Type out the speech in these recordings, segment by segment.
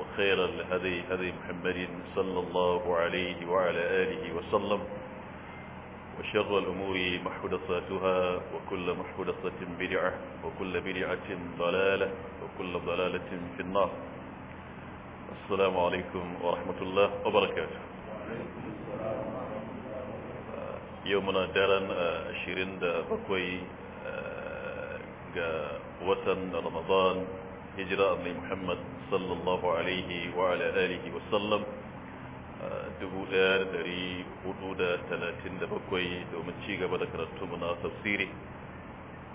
وخيرا لهدي هدي محمد صلى الله عليه وعلى آله وسلم وشر الأمور محدثاتها وكل محدثة بدعة وكل بدعة ضلالة وكل ضلالة في النار السلام عليكم ورحمة الله وبركاته يومنا دارا شيرين دا آه، بكوي ga رمضان هجرة أبني محمد صلى الله عليه وعلى آله وسلم آه، دبو الآن دري قدودة تلاتين دبكوي دو من شيغة بذكرة تمنا تفسيري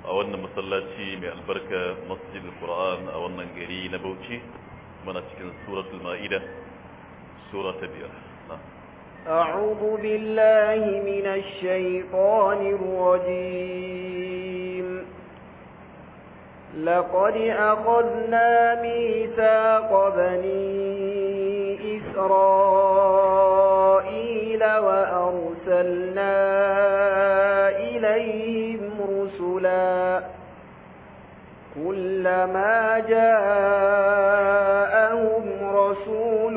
أولنا مسلاتي من البركة مسجد القرآن أولنا نجري نبوتي من أتكن سورة المائدة سورة بيرة نعم. أعوذ بالله من الشيطان الرجيم لقد أخذنا ميثاق بني إسرائيل وأرسلنا إليهم رسلا كلما جاءهم رسول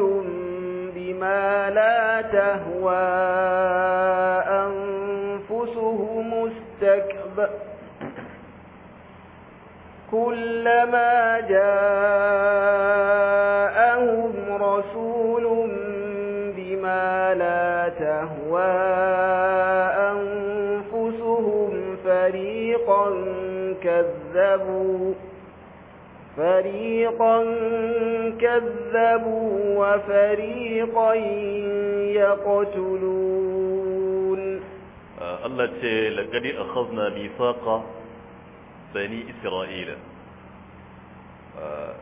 بما لا تهوى كلما جاءهم رسول بما لا تهوى أنفسهم فريقا كذبوا فريقا كذبوا وفريقا يقتلون آه، الله تعالى قد أخذنا ميثاقا بني إسرائيل Ah,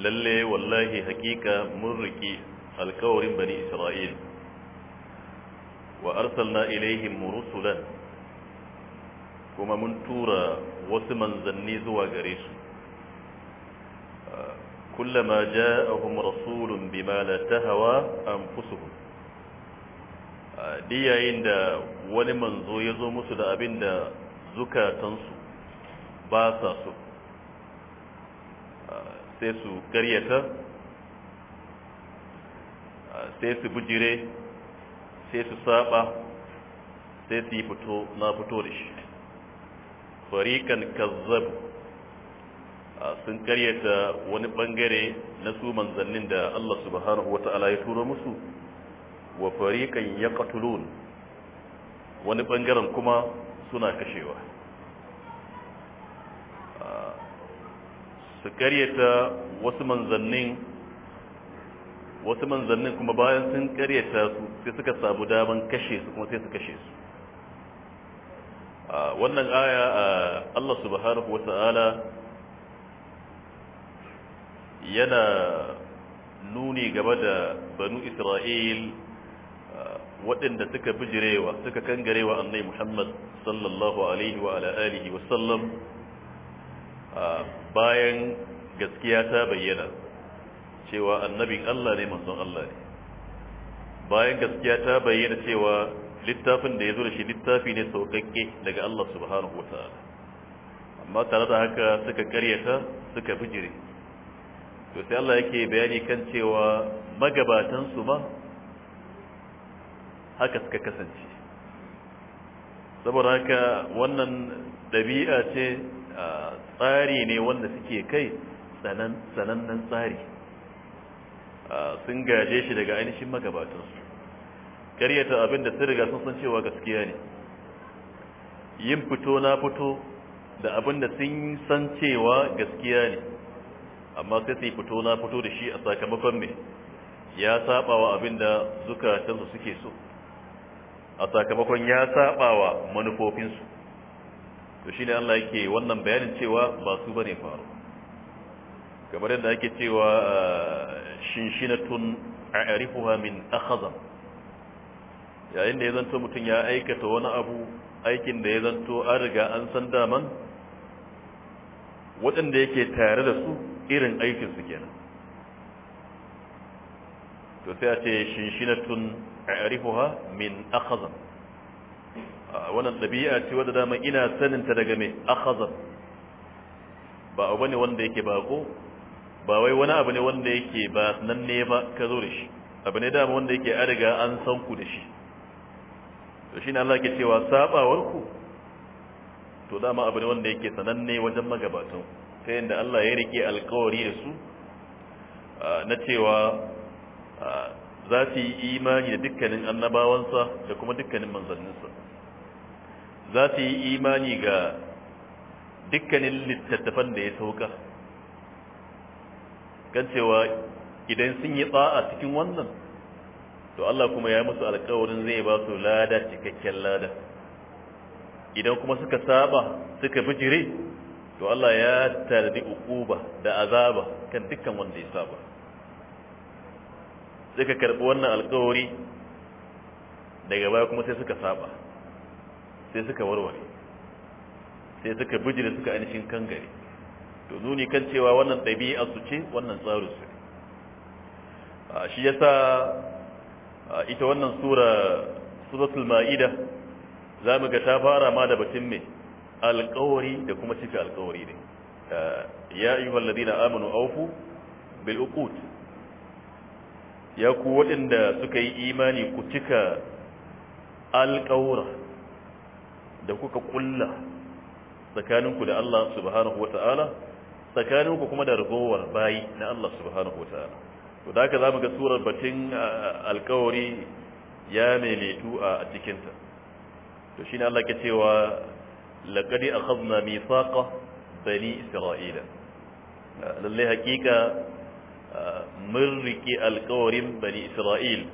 lalle wallahi hakika mun riki alkawarin bani isra'il wa arsalna mu rusulan kuma mun tura wasu manzani zuwa gare su ah, kullama ja'ahum rasulun bima la tahawa anfusuhum ah, diyayin da wani manzo ya zo musu da abinda da zukatansu ba sa so sai su karyata sai su bujire sai su saba sai su yi fito na fito da shi farikan kazzab sun karyata wani bangare na su manzannin da Allah subhanahu wa ta'ala ya turo musu wa farikan ya wani bangaren kuma suna kashewa su karyata wasu manzannin wasu manzannin kuma bayan sun karyata su sai suka samu daman kashe su kuma sai su kashe su ah, wannan aya ah, Allah subhanahu wa ta'ala yana nuni gaba da banu isra'il ah, waɗanda suka bijirewa suka kangarewa annai muhammad sallallahu alaihi wa ala wasallam bayan gaskiya ta bayyana cewa annabin Allah ne manzon Allah ne bayan gaskiya ta bayyana cewa littafin da ya zo da shi littafi ne sauƙaƙe daga Allah subhanahu wata'ala amma tare da haka suka karyata suka bijire to sai Allah yake bayani kan cewa magabatan su ma haka suka kasance saboda haka wannan dabi'a ce tsari ne wanda suke kai sanannen tsari sun gaje shi daga ainihin magabatansu karyata abin da sun riga sun san cewa gaskiya ne yin fito na fito da abin da sun san cewa gaskiya ne amma sai su yi fito na fito da shi a sakamakon mai ya sabawa abin da zukatansu suke so a sakamakon ya sabawa manufofinsu to shine Allah yake wannan bayanin cewa ba su bane faru kamar yadda ake cewa ah, shinshinatun a'rifuha min akhazam yayin da ya zanto mutum ya aikata wani abu aikin da ya zanto an riga an san daman waɗanda yake tare da su irin aikin su kenan to sai a ce shinshinatun a'rifuha min akhazam wannan ɗabi'a ce wadda dama ina saninta daga mai akhazar ba abu ne wanda yake bako ba wai wani abu ne wanda yake ba nan ne ba ka zo da shi abu ne dama wanda yake arga an san ku da shi to shine Allah ke cewa sabawar ku to dama abu ne wanda yake sananne wajen magabatan ta yadda Allah ya rike alƙawari da su na cewa za su yi imani da dukkanin annabawansa da kuma dukkanin manzanninsa za su yi imani ga dukkanin littattafan da ya sauka kan cewa idan sun yi tsa'a cikin wannan to Allah kuma ya musu alkawarin zai ba su lada cikakken lada idan kuma suka saba suka bijire to Allah ya tarbi uquba da azaba kan dukkan wanda ya saba suka karbi wannan alkawari daga baya kuma sai suka saba sai suka warware sai suka bijira suka ainihin gari. to nuni kan cewa wannan ɗabi'a su ce wannan tsarin su shi yasa ita wannan sura suratul ma'ida za mu ga ta fara ma da batun mai alkawari da kuma cika alkawari ne ya yi na amanu aufu bil uqut ya ku waɗanda suka yi imani ku cika alkawura da kuka kulla tsakaninku da Allah subhanahu wata'ala tsakaninku kuma da ragowar bayi na Allah subhanahu wata'ala to da haka zamu ga surar batun alkawari ya meletu a cikinta to shine Allah ke cewa laqad akhadna mithaqa bani isra'ila lallai hakika mun rike alkawarin bani isra'il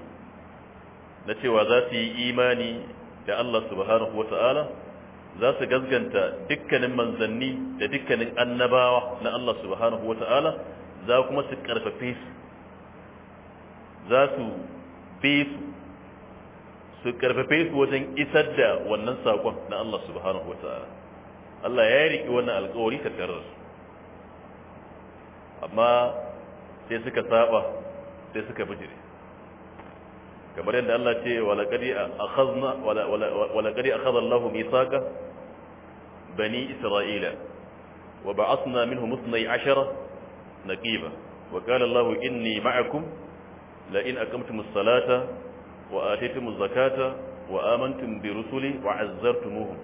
na cewa za su yi imani da Allah subhanahu wata'ala za su gazganta dukkanin manzanni da dukkanin annabawa na Allah subhanahu wata'ala za kuma su karfafe su za su bi su su karfafe su wajen isar da wannan sakon na Allah subhanahu wata'ala Allah ya riƙi wannan alƙawari ta su amma sai suka saba sai suka bijire kamar yadda Allah ce walaqadi akhadna walaqadi akhadha Allahu mithaqa bani Isra'ila wa ba'athna minhum 12 naqiba wa qala Allahu inni ma'akum la in aqamtumus salata wa ataytumuz zakata wa amantum bi rusuli wa 'azzartumuhum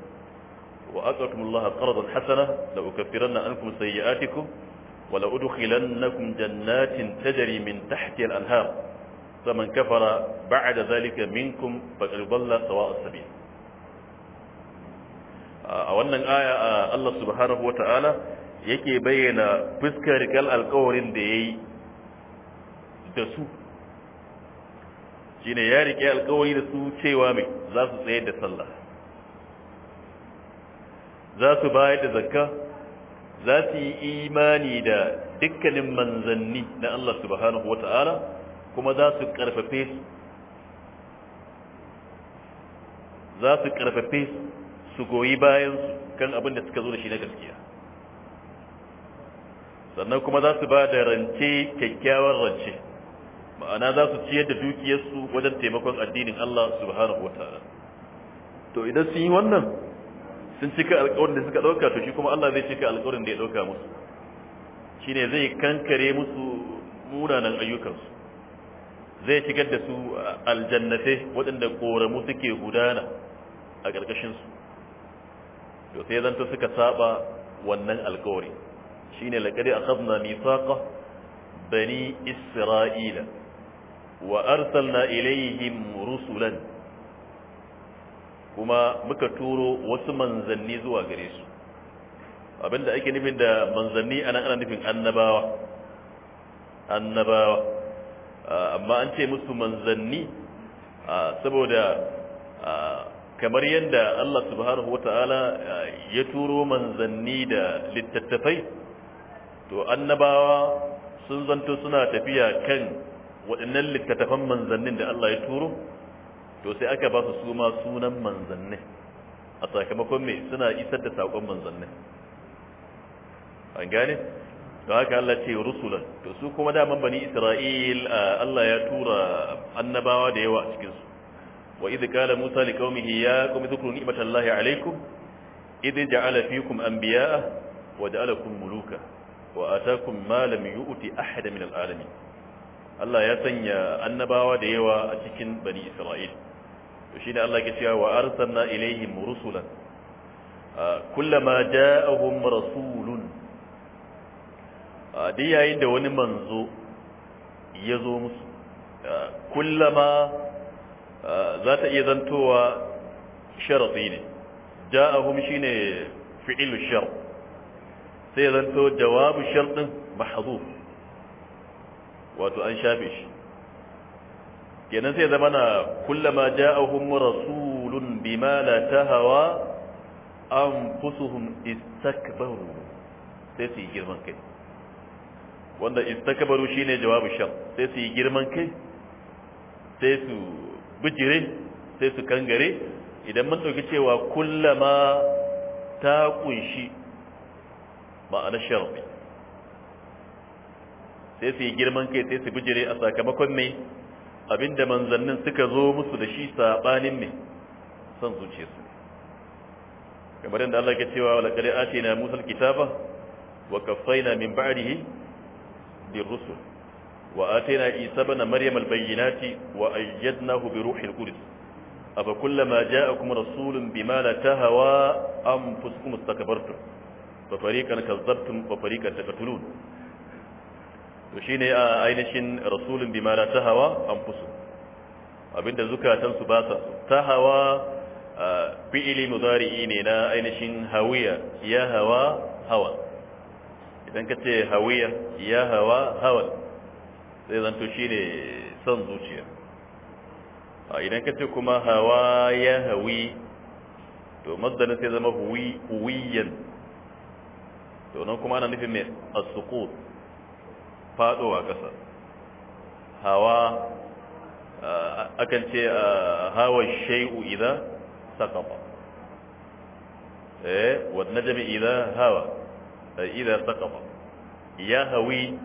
wa aqamtumullaha qaradan hasana la ukaffiranna ankum sayyi'atikum wa la udkhilannakum jannatin tajri min tahtiha al-anhar فمن كفر بعد ذلك منكم فقد ضل سواء السبيل a wannan aya Allah subhanahu wa ta'ala yake bayyana fuskar rikal alkawarin da ya yi da su shi ne ya rike alkawari da su cewa mai za su tsaye da sallah za su bayar da zakka za su yi imani da dukkanin manzanni na Allah subhanahu wa ta'ala kuma za su karfafe za su karfafe su goyi bayan su kan abin da suka zo da shi na gaskiya sannan kuma za su ba da rance kyakkyawar rance ma'ana za su ciyar da dukiyarsu wajen taimakon addinin Allah subhanahu wa ta'ala to idan sun yi wannan sun cika alkawarin da suka ɗauka to shi kuma Allah zai cika alkawarin da ya ɗauka musu shine zai kankare musu munanan ayyukansu zai shigar da su uh, aljannatai waɗanda ƙoramu suke gudana a ƙarƙashinsu to sai zanto suka saba wannan alkawari shine laqadi akhadna mithaqa bani isra'ila wa arsalna ilayhim rusulan kuma muka turo wasu manzanni zuwa gare su abinda ake nufin da manzanni ana, ana nufin annabawa annabawa amma an ce musu manzanni saboda kamar yadda Allah subhanahu wata'ala ya turo manzanni da littattafai to annabawa sun zanto suna tafiya kan waɗannan littattafan manzannin da Allah ya turo to sai aka ba su suma sunan manzanni a sakamakon mai suna isar da saƙon manzannin an gane da haka Allah ce rusulan to su kuma da bani Isra'il Allah ya tura annabawa da yawa a cikinsu su wa idh qala Musa liqaumihi ya qum dhkuru ni'matallahi alaykum idh ja'ala fiikum anbiya'a wa ja'alakum muluka wa atakum ma lam yu'ti ahada min al'alamin Allah ya sanya annabawa da yawa a cikin bani Isra'il to shine Allah ya ce wa arsalna ilaihim rusulan kullama ja'ahum rasulun Ah, duk yayin da wani manzo ya zo musu ah, kullama ah, za ta iya zantowa sharafi ne ja'ahum shine fi'ilu shar sai ya zanto jawabu sharɗin mahdhuf wato an shafe shi kenan sai zama na kullama ja'ahum rasulun Bimala, ta hawa an anfusuhum istakbaru sai su yi girman kai wanda istakabaru shine jawabu shar sai su yi girman kai sai su bijire sai su kangare idan mun dauki cewa kullama ta kunshi ma'ana sharbi sai su yi girman kai sai su bijire a sakamakon mai abinda manzannin suka zo musu da shi sabanin mai son su. kamar yadda Allah ke cewa laqad atina musal kitaba wa kaffayna min ba'dihi للرسل وآتينا عيسى بن مريم البينات وأيدناه بروح القدس أفكلما جاءكم رسول بما لا تهوى أنفسكم استكبرتم ففريقا كذبتم وفريقا تقتلون وشيني أينشن رسول بما لا تهوى أنفسكم abinda zukatansu ba sa ta hawa fi'ili mudari'i ne na ainihin hawiya ya hawa hawa idan ka ce hawiya ya hawa hawa sai zanto shi ne son zuciya idan ka ce kuma hawa ya hawi to mazdanin sai zama huwiyan to nan kuma ana nufin mai asukut fadowa ƙasa hawa akan ce hawa shai'u idan sakaba eh wadda jami'i idan hawa idan saqafa ya hawi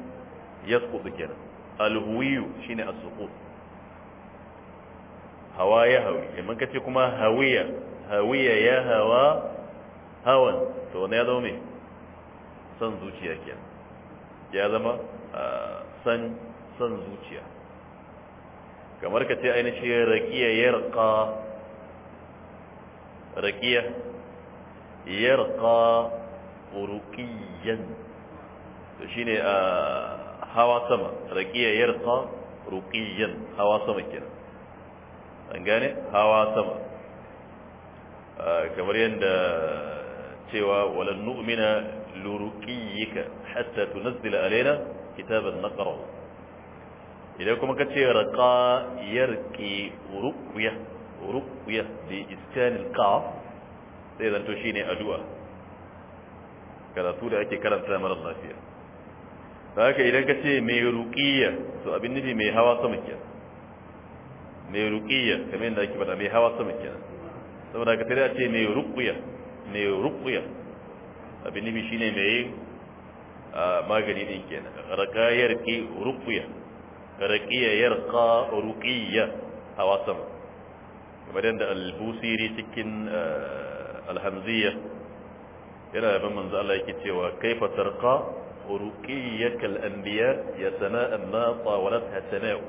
yasqutu kenan alhuwiyu shine as hawa ya hawi idan kace kuma hawiya hawiya ya hawa hawan to wannan ya zama mai. san zuciya kenan ya zama san san zuciya kamar ka ce ainihin raƙiya ya raƙa. raƙiya ya raƙa. ruqiyan to shine a hawa sama raqiya yarqa ruqiyan hawa sama kenan an gane hawa sama kamar yadda cewa walan nu'mina luruqiyika hatta tunzila alaina kitaban naqra idan kuma kace raqa yarqi ruqya ruqya bi iskan al-qaf sai zanto shine addu'a karatu da ake karanta marar lafiya da haka idan ka ce mai ruƙiyya to abin nufi mai hawa sama kenan mai ruƙiyya kamar yadda ake faɗa mai hawa sama kenan saboda haka sai a ce mai ruƙuya mai ruƙuya abin nufi shine mai magani din kenan raƙayar ki ruƙuya raƙiya yarqa ruƙiyya hawa sama kamar yadda albusiri cikin alhamziya yana da ban manzo Allah yake cewa kaifa tarqa uruqiyyaka al-anbiya ya sana'a ma tawalatha sana'u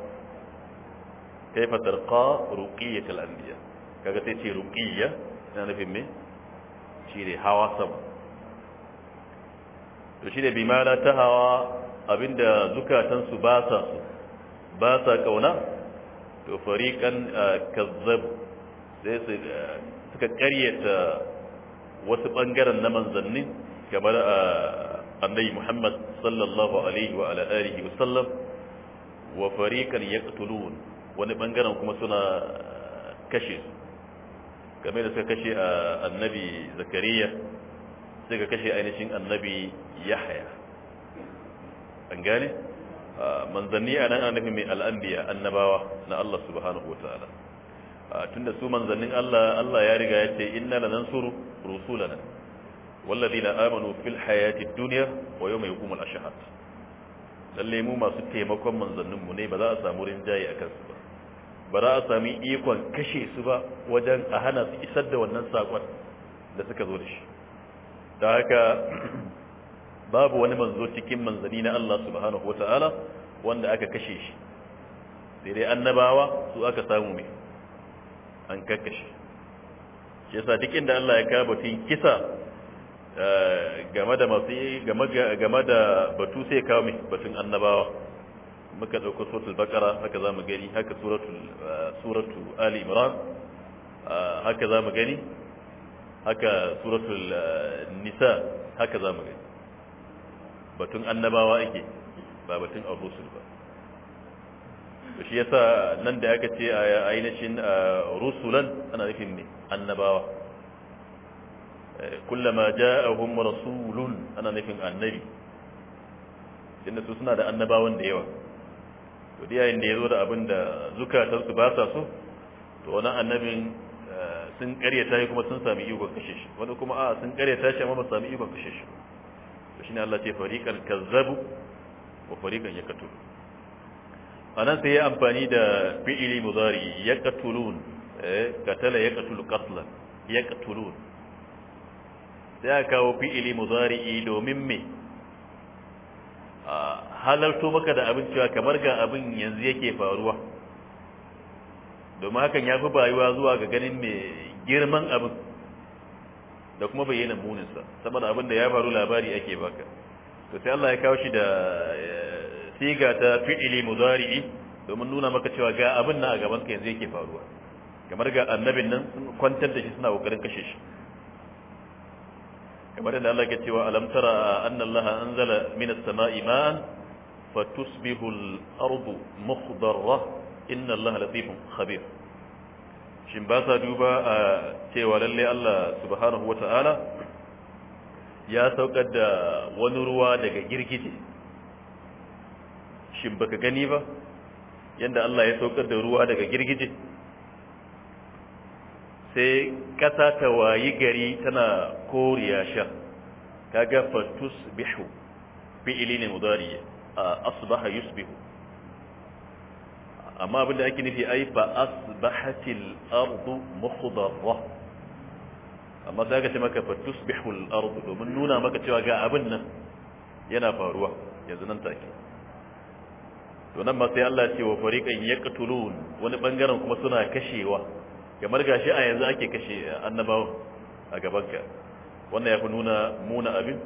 kaifa tarqa uruqiyyaka al-anbiya kaga sai ce ruqiyya yana nufin me shine hawa sama to shi bi bimala ta hawa abinda zukatan su ba sa su ba sa kauna to fariqan ah, kazzab sai ah, suka karyata wasu ɓangaren na manzannin kamar a ah, annabi Muhammad sallallahu alaihi wa ala alihi wa sallam wa fariqan yaqtulun wani ɓangaren kuma suna kashe kamar da suka kashe ah, annabi Zakariya suka kashe ainihin annabi Yahya an gane ah, manzanni a nan annabi mai al'anbiya annabawa na Allah subhanahu wa ta'ala tunda su manzannin Allah Allah ya riga ya ce inna lanansuru rusulana والذين آمنوا في الحياة الدنيا ويوم يقوم الأشهاد lalle mu masu taimakon manzanninmu ne ba za a samu rinjaye a kansu ba ba za a sami ikon kashe su ba wajen a hana su isar da wannan sakon da suka zo da shi da haka babu wani manzo cikin manzanni na Allah subhanahu wata'ala wanda aka kashe shi sai dai annabawa su aka samu mai an kakashe shi yasa duk inda Allah ya kawo batun kisa eh, game da masu game da batu sai kawo mai batun annabawa muka dauko suratul baqara haka za mu gani haka suratul eh, suratu ali imran eh, haka za mu gani haka suratul nisa haka za mu gani batun annabawa ake ba batun ar ba to shi yasa nan da aka ce a ainihin rusulan ana nufin ne annabawa eh, kullama ja'ahum rasulun ana nufin annabi inda su suna da annabawan da yawa to da yayin da yazo da abin da zukatar su ba sa so to wannan annabin eh, sun karyata shi kuma sun sami ikon kashe shi wani kuma a sun karyata shi amma ba sami ikon kashe shi to shine Allah ce fariqan kazzabu wa fariqan yakatu anan sai ya amfani da fi'ili mudari ya katulun katala eh, ya katulu sai ya kawo fi'ili mudari domin me halarto maka da abin cewa kamar ga abin yanzu yake faruwa domin hakan ya fi bayuwa zuwa ga ganin mai girman abin da kuma bayyana muninsa saboda abin da ya faru labari ake baka to sai Allah ya kawo shi da eh, siga ta fi'ili mudari'i domin nuna maka cewa ga abin nan a gaban ka yanzu yake faruwa kamar ga annabin nan sun kwantar da shi suna kokarin kashe shi kamar da Allah ke cewa alam tara anna Allah anzala min as-sama'i ma'an fatusbihu al-ardu mukhdarra inna Allah latifun khabir shin ba sa duba a cewa lalle Allah subhanahu wata'ala ya saukar da wani ruwa daga girgije shin baka gani ba yadda Allah ya saukar da ruwa daga girgije sai ƙasa ta wayi gari tana koriya sha kaga fatus bihu fi'ili ne a asbaha yusbihu amma abinda ake nufi ai ba asbahatil ardu mukhdarra amma sai ka ce maka fatus bihu al ardu domin nuna maka cewa ga abin nan yana faruwa yanzu nan take to nan ma sai Allah ce wa fariqan yaqtulun wani bangaren kuma suna kashewa kamar gashi a yanzu ake kashe annabawa a gabanka wannan ya fi nuna muna abin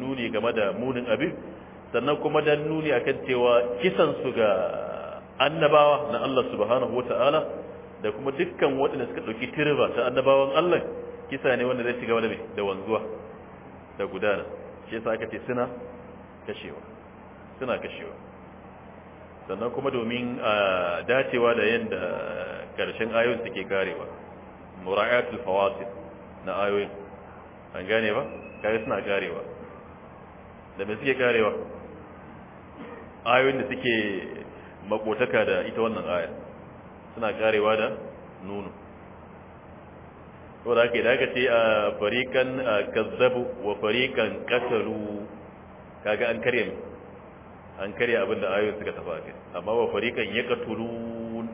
nuni game da munin abin sannan kuma da nuni akan cewa kisan su ga annabawa na Allah subhanahu wata'ala da kuma dukkan waɗanda suka ɗauki tirba ta annabawan Allah kisa ne wanda zai shiga wani da wanzuwa da gudana shi yasa aka ce suna kashewa suna kashewa sannan kuma domin ah, dacewa da yadda ƙarshen ayoyin suke karewa mura'atul fawasil na ayoyin an gane ba kare suna karewa da me suke karewa ayoyin da suke makotaka da ita wannan aya suna karewa da nunu saboda ake da aka ce a ah, farikan ah, kazzabu wa farikan kasaru kaga an karye an karya abin da ayoyin suka tafi akai amma wa ya yaqtulun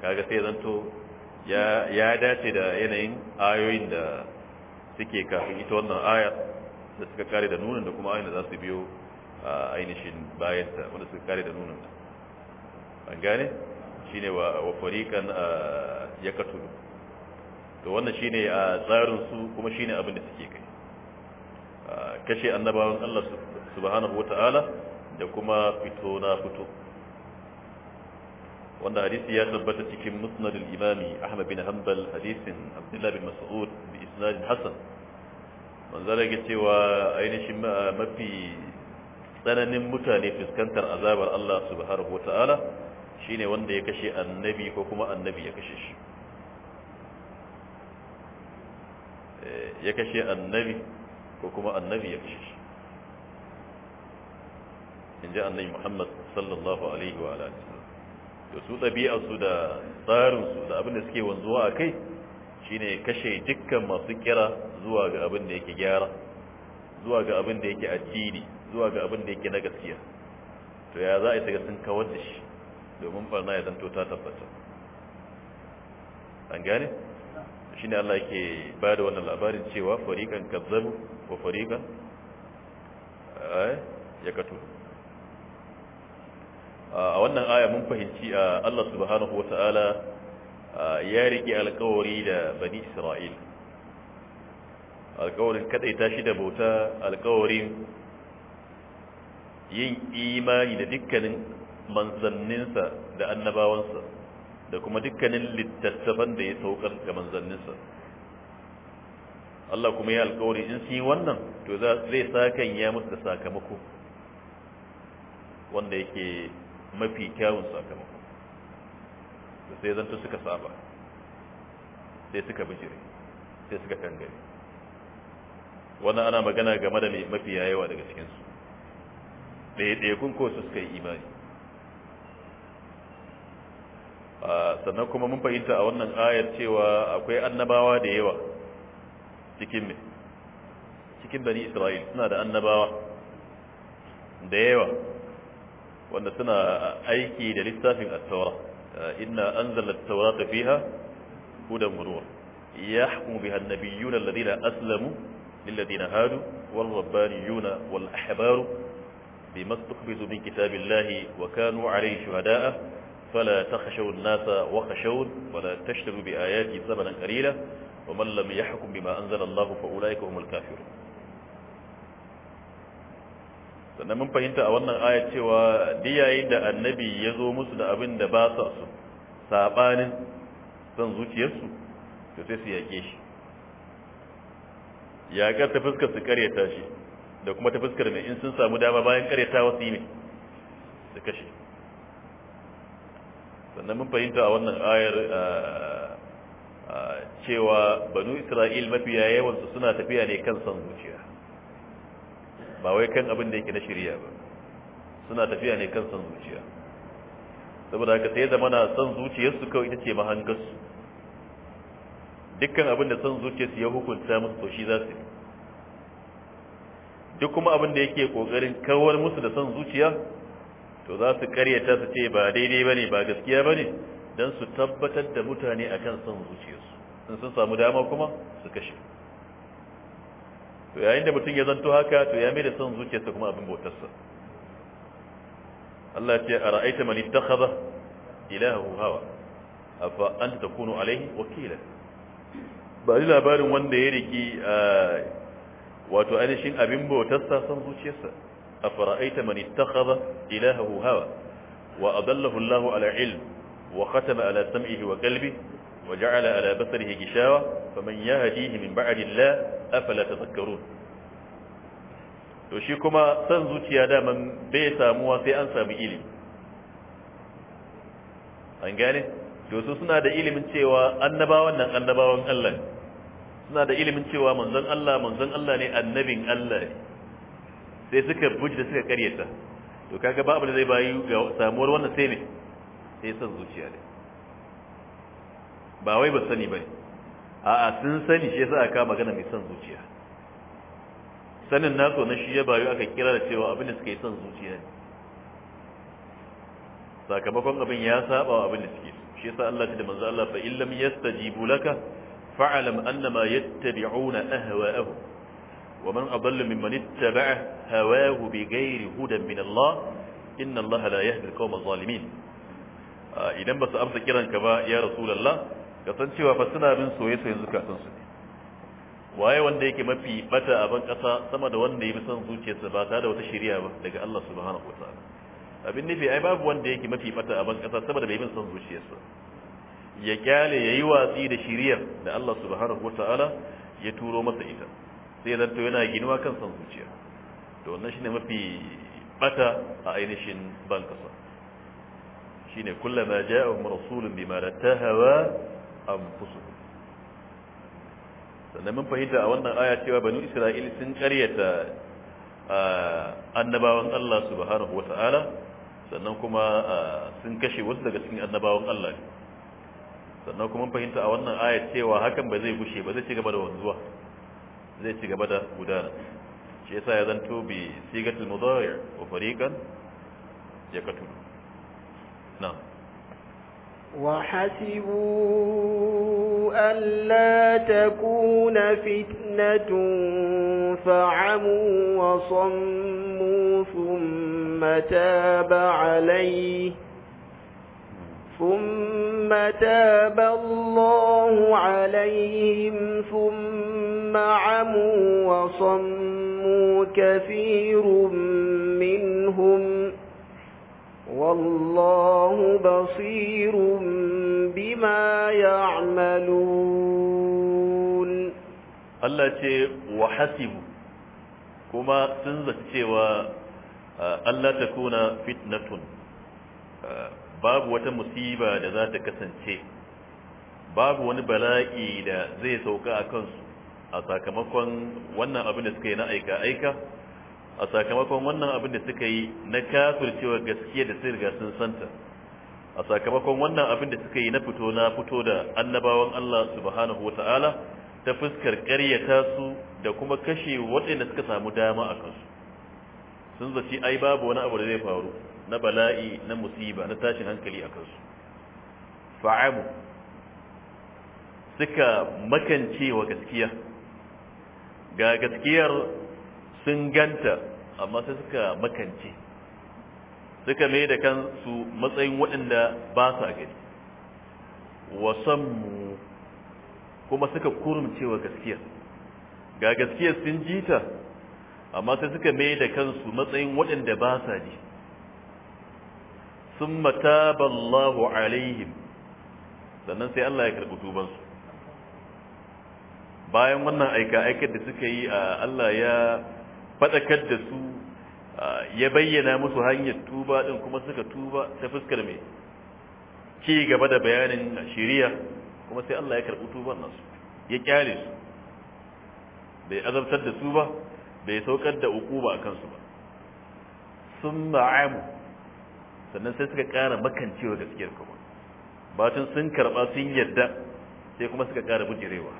kaga sai zanto ya ya dace da yanayin ayoyin da suke kafin ita wannan aya da suka kare da nunan da kuma ayoyin da za su biyo a ainihin bayanta wanda suka kare da nunin an gane shine wa wa fariqan yaqtulun to wannan shine a tsarin su kuma shine abin da suke kai kashe annabawan Allah subhanahu ta'ala da kuma fito na fito wanda hadisi ya tabbata cikin musnad al-imami Ahmad bin Hanbal hadisin Abdullah bin Mas'ud bi isnad hasan manzara ga cewa ainihin mafi tsananin mutane fuskantar azabar Allah subhanahu wata'ala shine wanda ya kashe annabi ko kuma annabi ya kashe shi eh, ya kashe annabi ko kuma annabi ya kashe shi in ji annabi muhammad sallallahu alaihi wa alihi da su ɗabi'arsu da tsarinsu da abin da suke wanzuwa a kai shine kashe dukkan masu kira zuwa ga abin da yake gyara zuwa ga abin da yake addini zuwa ga abin da yake na gaskiya to ya za a yi sun kawar da shi domin barna ya zanto ta tabbata an gane shine Allah yake ba da wannan labarin cewa fariqan kazzabu wa fariqan ay eh, yakatu a wannan aya mun fahimci Allah subhanahu wa ta'ala ya riƙe alƙawari da bani isra'il alƙawarin kaɗaita shi da bauta alƙawarin yin imani da dukkanin manzanninsa da annabawansa da kuma dukkanin littattafan da ya saukar ga manzanninsa Allah kuma ya alƙawari in sun yi wannan to zai kan ya musu da sakamako wanda yake mafi kyawun sakamako da sai zanto suka saba sai suka bijire sai suka kangare wannan ana magana game da mafi yawa daga cikinsu Ɗaya kun ko su suka yi imani sannan kuma mun fahimta a wannan ayar cewa akwai annabawa da yawa cikin mai. cikin bani isra'il suna da annabawa da yawa wanda suna aiki da littafin at-taura inna anzalna at-taurata fiha hudan wa nur yahkumu biha an-nabiyyun alladhina aslamu للذين هادوا والربانيون والأحبار بما استقبضوا من كتاب الله وكانوا عليه شهداء فلا تخشوا الناس وخشون ولا تشتروا بآياتي ثمنا قليلا ومن لم يحكم بما أنزل الله فأولئك هم الكافرون sannan mun fahimta a wannan ayat cewa diyayin da annabi ya zo musu da abin da ba sa su sabanin son zuciyarsu to sai su yake shi yaƙar ta fuskar su karyata shi da kuma ta fuskar mai in sun samu dama bayan karyata wasu yi ne su kashe sannan mun fahimta a wannan ayar cewa banu isra'il mafiya yawansu suna tafiya ne kan son zuciya ba wai kan abin da yake na shirya ba suna tafiya ne kan son zuciya saboda haka sai zama na son zuciyarsu kawai ita ce mahangarsu dukkan abin da son zuciyarsu ya hukunta musu to shi za su yi. duk kuma abin da yake kokarin kawar musu da son zuciya to za su karyata su ce ba daidai bane ba gaskiya bane dan su tabbatar da mutane akan son zuciyarsu in sun samu dama kuma su kashe to yayin da mutum ya zanto haka to ya mai da son zuciyarsa kuma abin bautarsa Allah ya ce a ra'aita man ittakhadha ilahu hawa afa anta takunu alaihi wakila ba ni labarin wanda ya riki wato ainihin abin bautarsa son zuciyarsa afa ra'aita man ittakhadha ilahu hawa wa adallahu Allah ala ilm wa khatama ala sam'ihi wa qalbihi وجعل على بصره غشاوة فمن يهديه من بعد الله أفلا تذكرون to shi kuma san zuciya daman bai samuwa sai an sami ilimi an gane to suna da ilimin cewa annabawan nan annabawan Allah ne suna da ilimin cewa manzon Allah manzon Allah ne annabin Allah ne sai suka bujje suka karyata to kaga babu da zai bayu ga samuwar wannan sai ne sai san zuciya ne ba wai ba sani ba a'a sun sani shi ya yasa ka magana mai son zuciya sanin naso na shi ya bayu aka kira da cewa abin da suka yi son zuciya ne sakamakon abin ya saba wa abin da suke su shi sa Allah ta da manzo Allah fa illam yastajibu laka fa'lam annama yattabi'una ahwa'ahum wa man adalla mimman ittaba'a hawahu bighairi hudan min Allah inna Allah la yahdi al-qawma adh-dhalimin idan ba su amsa kiran ka ba ya rasulullah ka san cewa fa suna bin soye-soyen zukatan su ne waye wanda yake mafi bata a ban kasa sama da wanda ya son zuciyarsa ba ta da wata shari'a ba daga Allah subhanahu wataala abin nufi ai babu wanda yake mafi bata a ban kasa sama da bai bin son zuciyarsa ya kyale yayi watsi da shari'ar da Allah subhanahu wataala ya turo masa ita sai to yana ginuwa kan son zuciya to wannan shine mafi bata a ainihin ban kasa shine kullama ja'a rasulun bima la hawa. anfusuhum sannan mun fahimta a wannan aya cewa banu isra'ila sun karyata annabawan Allah subhanahu wata'ala sannan kuma sun kashe wasu daga cikin annabawan Allah sannan kuma mun fahimta a wannan aya cewa hakan ba zai gushe ba zai ci gaba da wanzuwa zai ci gaba da gudana shi yasa ya zanto bi sigatul mudari wa fariqan yakatulu na'am وحسبوا ألا تكون فتنة فعموا وصموا ثم تاب عليه ثم تاب الله عليهم ثم عموا وصموا كثير منهم والله بصير بما يعملون Allah ce wa kuma sun zaci cewa Allah ta kuna fitnatun babu wata musiba da za ta kasance babu wani bala'i da zai sauka a kansu a sakamakon wannan abin da suka yi na aika-aika a sakamakon wannan abin da suka yi na kafircewa gaskiya da sai riga sun santa a sakamakon wannan abin da suka yi na fito na fito da annabawan Allah subhanahu wata'ala ta fuskar ƙaryata su da kuma kashe waɗanda suka samu dama a kansu sun zaci ai babu wani abu da zai faru na bala'i na musiba na tashin hankali a kansu fa'amu suka makancewa gaskiya ga gaskiyar sun ganta amma sai suka makance suka mai da kansu matsayin waɗanda ba sa gani wasanmu kuma suka kurumcewa gaskiyar ga gaskiya sun jita amma sai suka mai da kansu matsayin waɗanda ba sa ji sun mataballahu alaihim sannan sai Allah ya karɓi tubansu bayan wannan aika aikar da suka yi a Allah ya faɗakar da su ya bayyana musu hanyar tuba din kuma suka tuba ta fuskar mai ci gaba da bayanin shiriya kuma sai Allah ya karɓi tuban nasu ya kyale su bai azabtar da su ba bai saukar da ukuba a kansu ba sun ma'amu sannan sai suka ƙara makancewa gaskiyar kuma batun sun karɓa sun yadda sai kuma suka ƙara bujirewa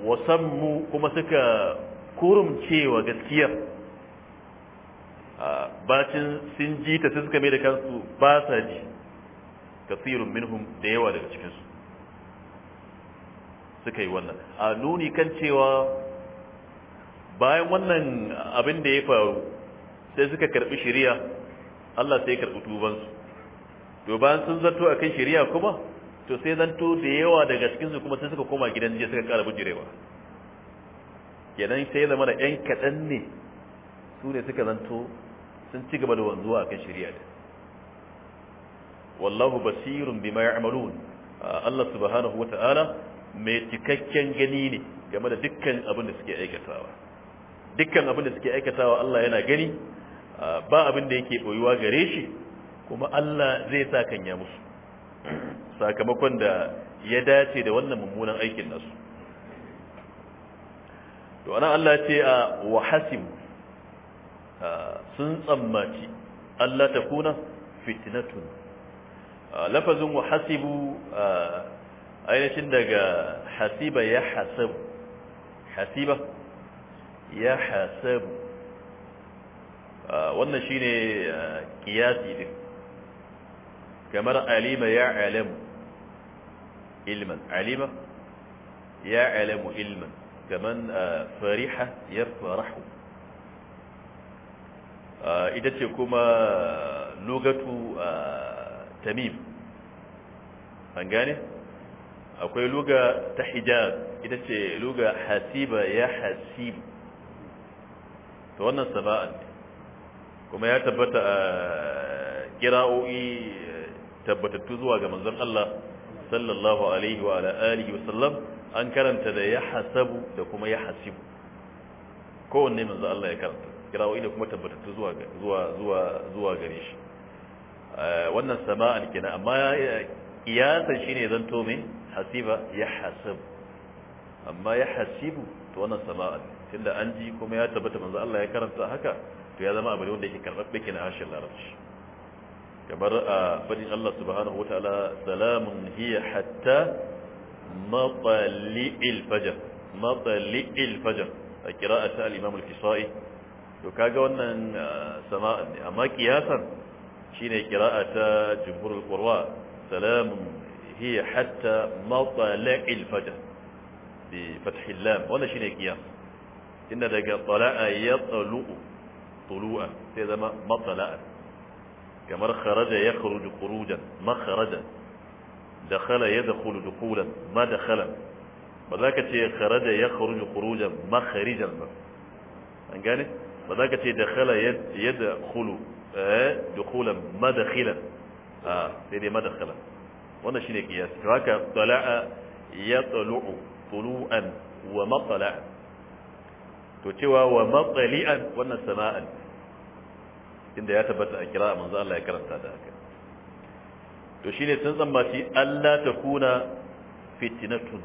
Wasanmu kuma suka kurumcewa gaskiyar bacin sun ji ta suka mai da kansu ba sa ji kafirun minhum da yawa daga cikinsu suka yi wannan a nuni kan cewa bayan wannan abin da ya faru sai suka karbi shari'a Allah sai ya karbi tubansu to bayan sun zato akan shari'a kuma to sai zanto da yawa daga cikinsu kuma sai suka koma gidan jiya suka kara bujirewa kenan sai zama da yan kaɗan ne su ne suka zanto sun ci gaba da wanzuwa akan shari'a da wallahu basirun bima ya'malun Allah subhanahu Ta'ala mai cikakken gani ne game da dukkan abin da suke aikatawa dukkan abin da suke aikatawa Allah yana gani ba abin da yake boyuwa gare shi kuma Allah zai sa kanya musu sakamakon da ya dace da wannan mummunan aikin nasu to Allah ce a wahasim sun tsammaci Allah ta kuna fitinatun lafazin wahasibu ainihin daga hasiba ya hasabu hasiba ya hasabu wannan shine kiyasi din kamar alima ya alamu علما علم يعلم علما كمن فرح يفرح ita ce kuma lugatu tamim an gane akwai luga ta hijab ita ce luga hasiba ya hasib ta wannan sama'an kuma ya tabbata a kira'o'i tabbatattu zuwa ga manzon Allah sallallahu alaihi wa alihi wasallam an karanta da ya hasabu da kuma ya hasibu kowanne manzo Allah ya karanta kirawo ina kuma tabbatattu zuwa zuwa zuwa zuwa gare shi eh, wannan sama'an kenan amma eh, kiyasan shine zanto me hasiba ya hasabu amma ya hasibu to wannan sama'an tunda an ji kuma ya tabbata manzo Allah ya karanta haka to ya zama abu ne wanda yake karɓaɓɓe kenan harshen larabci kamar a fadin Allah subhanahu wa ta'ala salamun hiya hatta matsali'il fajar matsali'il fajar a kira'a ta al-imam al-kisa'i to kaga wannan sama'an ne amma kiyasan shine kira'a ta jumhurul qurwa salamun hiya hatta matsali'il fajar bi fathil lam wannan shine kiyas inda daga tala'a ya tsalu'u tulu'a sai zama matsala'a كمر خرج يخرج خروجا ما خرج دخل يدخل دخولا ما دخل بذلك خرج يخرج خروجا ما خرج انقاني بذلك دخل يدخل آه، دخولا ما دخل فيدي آه، ما دخل وانا شيني قياس كذلك طلع يطلع طلوعا ومطلع تتوى ومطلئا وانا inda ya tabbata a kira manzo Allah ya karanta da haka to shine sun shi Allah ta kuna fitnatun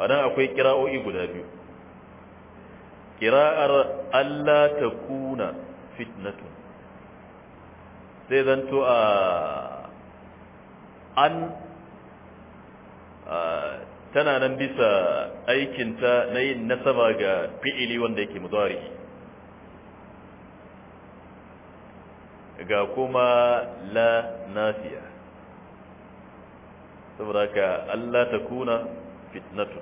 anan akwai kira'o'i guda biyu kira'ar Allah ta kuna fitnatun sai zanto a an tana nan bisa aikinta na yin nasaba ga fi'ili wanda yake mudari ga kuma la nafiya saboda ka Allah ta kuna fitnatu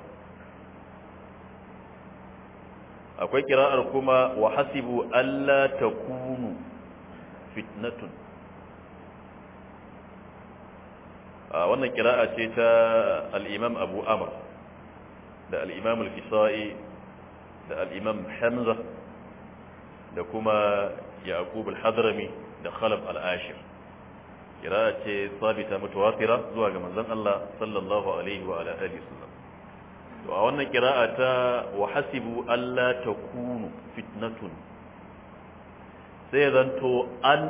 akwai kira'ar kuma wa hasibu Allah ta kunu fitnatun wannan kira'a ce ta al'imam abu amr da al'imam al da al'imam hamza da kuma yaqub al-hadrami da khalaf al-ashir kira ce sabita mutawatira zuwa ga manzon Allah sallallahu alaihi wa ala alihi to a wannan kira'a ta wa hasibu ta kunu fitnatun sai zanto an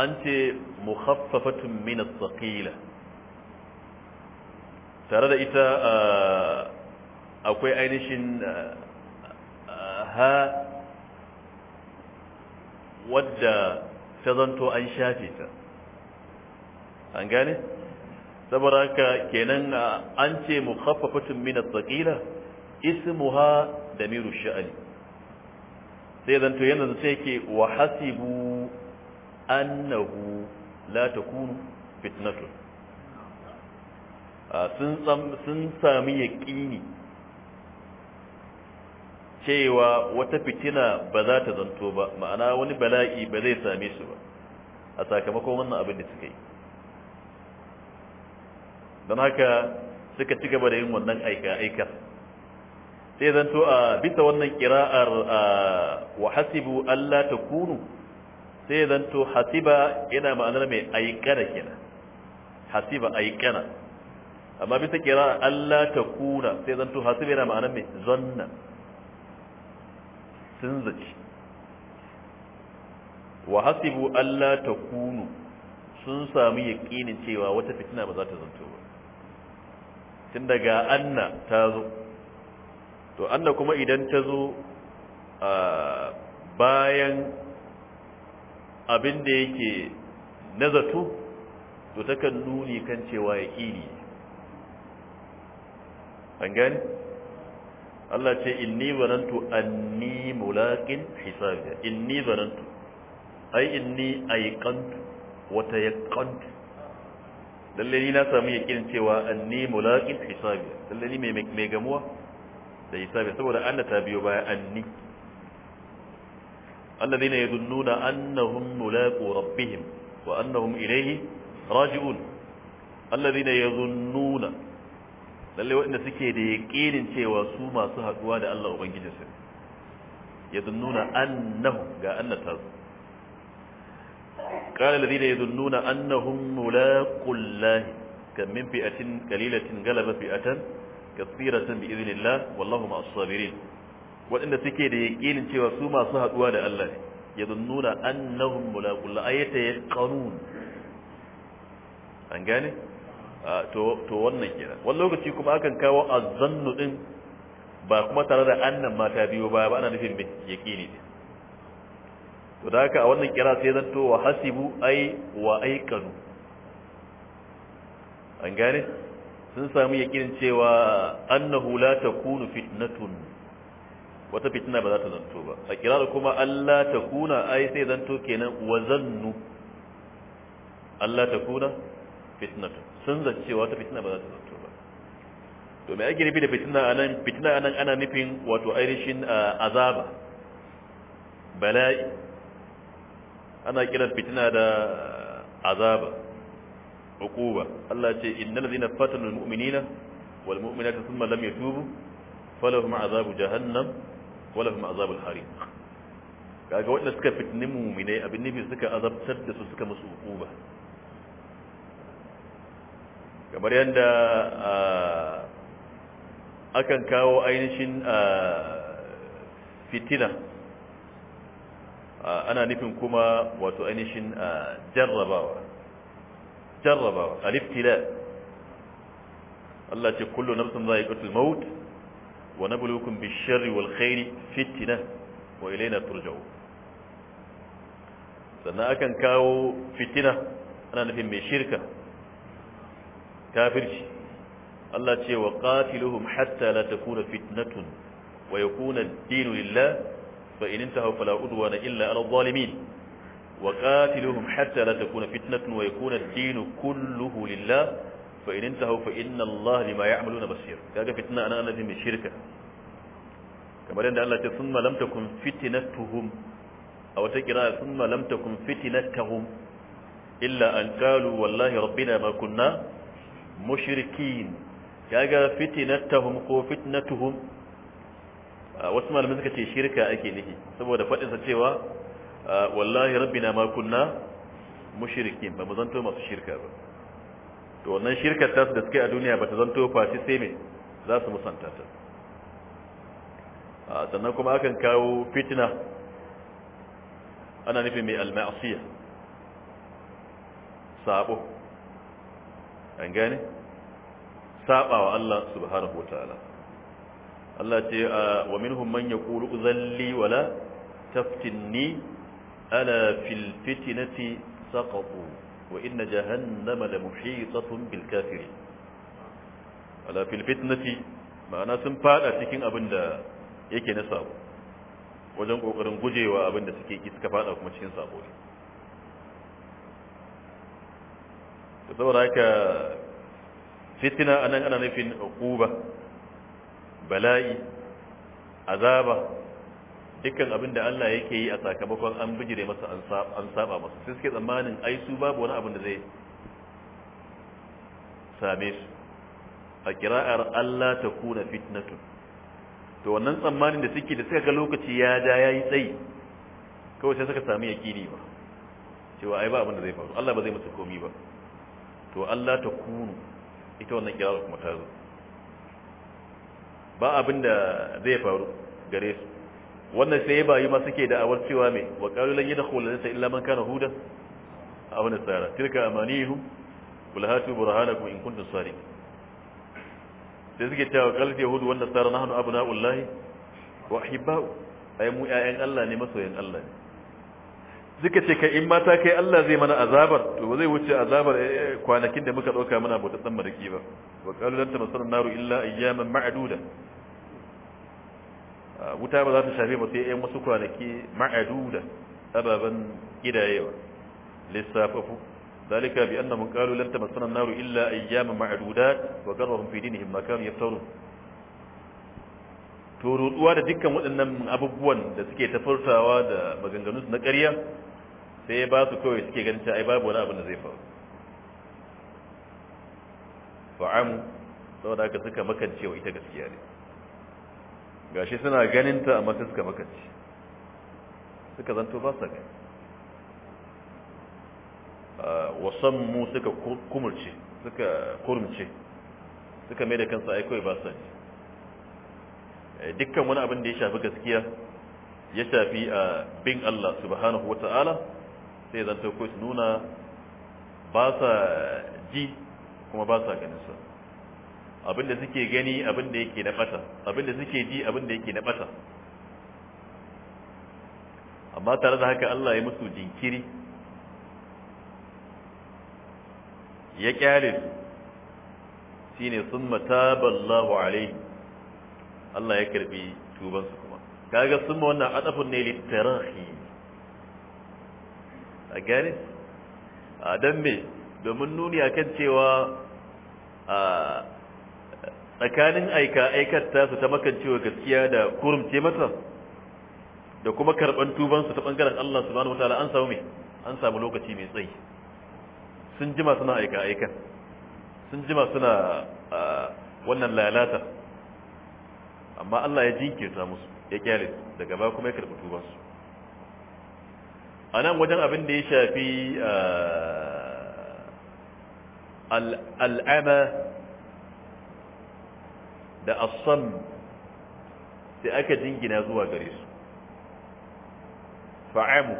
an ce mukhaffafatun min as tare da ita akwai ainihin ha wadda ta zanto an shafe ta an gane saboda haka kenan an ce mukhaffafatun min at-thaqila ismuha damiru sha'ani sai zanto yana da sai ke wa hasibu annahu la takunu fitnatun sun sami yaƙini. cewa wata fitina ba za ta zanto ba ma'ana wani bala'i ba zai same su ba a sakamakon wannan abin da suka yi don haka suka ci gaba da yin wannan aika-aikar sai zanto a bisa wannan kira'ar wa hasibu Allah ta kunu sai zanto hasiba yana ma'anar mai aikana kina hasiba aikana amma bisa kira Allah ta kuna sai zanto hasiba yana ma'anar mai zanna sun zaci wa hasibu Allah ta kunu sun sami yaƙinin cewa wata fitina ba za ta zanto ba tun daga anna ta zo to anna kuma idan ta zo bayan abin da yake na to takan nuni kan cewa yaƙini an gani Allah ce inni barantu anni mulaqin hisabiya inni barantu ai inni ayqantu wa tayaqqantu lalle ni na samu yakin cewa anni mulaqin hisabiya lalle ni mai mai gamuwa da hisabiya saboda Allah ta biyo baya anni alladhina yadunnuna annahum mulaqu rabbihim wa annahum ilayhi raji'un alladhina yadunnuna lalle waɗanda suke da yaqinin cewa su masu haɗuwa da Allah ubangiji su zunnuna annahu ga annata tazu qala alladhina yadunnuna annahum mulaqullahi kam min fi'atin qalilatin galaba fi'atan kathiratan bi idhnillah wallahu ma'as sabirin waɗanda suke da yaƙinin cewa su masu haɗuwa da Allah ne ya nuna annahum mulaqul ayata yaqanun an gane Ah, to wannan kenan wani lokaci kuma akan kawo zannu din ba kuma tare da annan mata biyu ba ba ana nufin bin, yaqini ne to da haka a wannan kira sai zanto wa hasibu ai wa aikanu an gane sun samu yakinin cewa annahu la takunu fitnatun wata fitna ba za ta zanto ba a da kuma Allah ta kuna ai sai zanto kenan wa zannu Allah ta kuna fitnatu sun zaci cewa wata fitina ba za ta fito ba to me ake nufi da fitina a nan fitina a nan ana nufin wato ainihin azaba bala'i ana kiran fitina da azaba hukuba Allah ce innal ladina fatanul mu'minina wal mu'minatu thumma lam yatubu falahum azabu jahannam walahum azabul harim kaga wanda suka fitinin mu'minai abin nufi suka azabtar da su suka musu hukuba kamar yadda akan kawo ainihin fitina ana nufin kuma wato ainihin jarrabawa jarrabawa aliftila Allah ce kullu nafsin za'iqatul maut wa nabluukum bish-sharri wal khairi fitna wa ilayna turjau sannan akan kawo fitina ana nufin mai shirka kafirci Allah ce wa qatiluhum hatta la takuna fitnatun wa yakuna ad-dinu lillah fa in intahu fala udwana illa ala adh-dhalimin wa qatiluhum hatta la takuna fitnatun wa yakuna ad-dinu kulluhu lillah fa in intahu fa inna Allah lima ya'maluna basir kaga fitna ana annabi min shirka kamar yadda Allah ce summa lam takun fitnatuhum aw ta kira summa lam takun fitnatuhum illa an qalu wallahi rabbina ma kunna Mushirikin mushrikin kaga fitnatuhum ko fitnatuhum wasu malamai suka ce shirka ake nufi saboda faɗinsa sa cewa wallahi rabbina ma kunna mushirikin ba mu zanto masu shirka ba to wannan shirkar tasu da suke a duniya ba ta zanto fashi sai me za su musanta ta sannan kuma akan kawo fitina ana nufin mai almasiya sabo an gane saba wa Allah subhanahu wataala Allah ce wa minhum man yaqulu uzalli wala taftinni ala fil fitnati saqatu wa inna jahannama la muhitatun bil kafirin ala fil fitnati ma'ana sun fada cikin abin da yake na sabo wajen kokarin gujewa abin da suke suka fada kuma cikin sabo ne da saboda haka fitina anan ana nufin ƙuba, bala'i azaba dukkan abin da Allah yake yi a sakamakon an bijire masa an saba masa sai suke tsammanin ai su babu wani abin da zai same su a kira'ar Allah ta kuna fitnatu to wannan tsammanin da suke da suka ga lokaci ya ja ya yi tsayi kawai sai suka sami yaƙini ba cewa ai ba abin da zai faru Allah ba zai musu komi ba to Allah ta kunu ita wannan kira kuma ta zo ba abin da zai faru gare su wannan sai bayi ma suke da awar cewa mai wa qalulan yadkhulu laysa illa man kana hudan aw nasara tilka amanihum qul hatu burhanakum in kuntum sadiqin sai suke cewa qalat yahudu wan nasara nahnu abna'ullahi wa ahibba'u ay mu ya'yan Allah ne masoyan Allah ne suka ce kai in mata kai Allah zai mana azabar to ba zai wuce azabar eh, eh, kwanakin da muka dauka muna bautar san maraki ba wa qalu lan tamassana naru illa ayyaman ma'duda ah, wuta ba za ta shafe ba sai ɗayan wasu kwanaki ma'aduda ababen gidayewa lissafafu ذلك بأنهم قالوا لن تمسنا النار إلا أياما معدودات وقرهم في دينهم ما كانوا يفترون to ruduwa da dukkan waɗannan abubuwan da suke tafurtawa da maganganu na ƙarya sai ba su kawai suke ganin ai babu wani abin da zai faru fa'amu saboda haka suka makance wa ita gaskiya ne gashi suna ganin ta amma suka makance suka zanto ba sa gani ah, wasan mu suka kumurce suka kurmce suka mai da kansu ai kawai ba sa ne Eh, dukkan wani abin da ya shafi gaskiya ya shafi a ah, bin Allah subhanahu wata'ala sai zan ta su nuna ba sa ji kuma ba sa ganin sa abin da suke gani abin da yake na bata abin da suke ji abin da yake na bata amma tare da haka Allah ya musu jinkiri ya kyale su shine sun mataballahu alaihi Allah ya karbi tubansu kuma kaga sun ma wannan adafin ne littarahi a gane a don me domin nuni akan cewa a tsakanin aika aikata su ta makancewa gaskiya da kurumce mata da kuma karɓar tubansu ta ɓangaren Allah subhanahu wataala an samu me an samu lokaci mai tsayi sun jima suna aika aikan sun jima suna wannan lalata amma Allah ya jinkirta musu ya kyale daga ba kuma ya karɓi tuba su a nan wajen abin da ya shafi ah, al'ama da asan sai aka jingina zuwa gare su fa'amu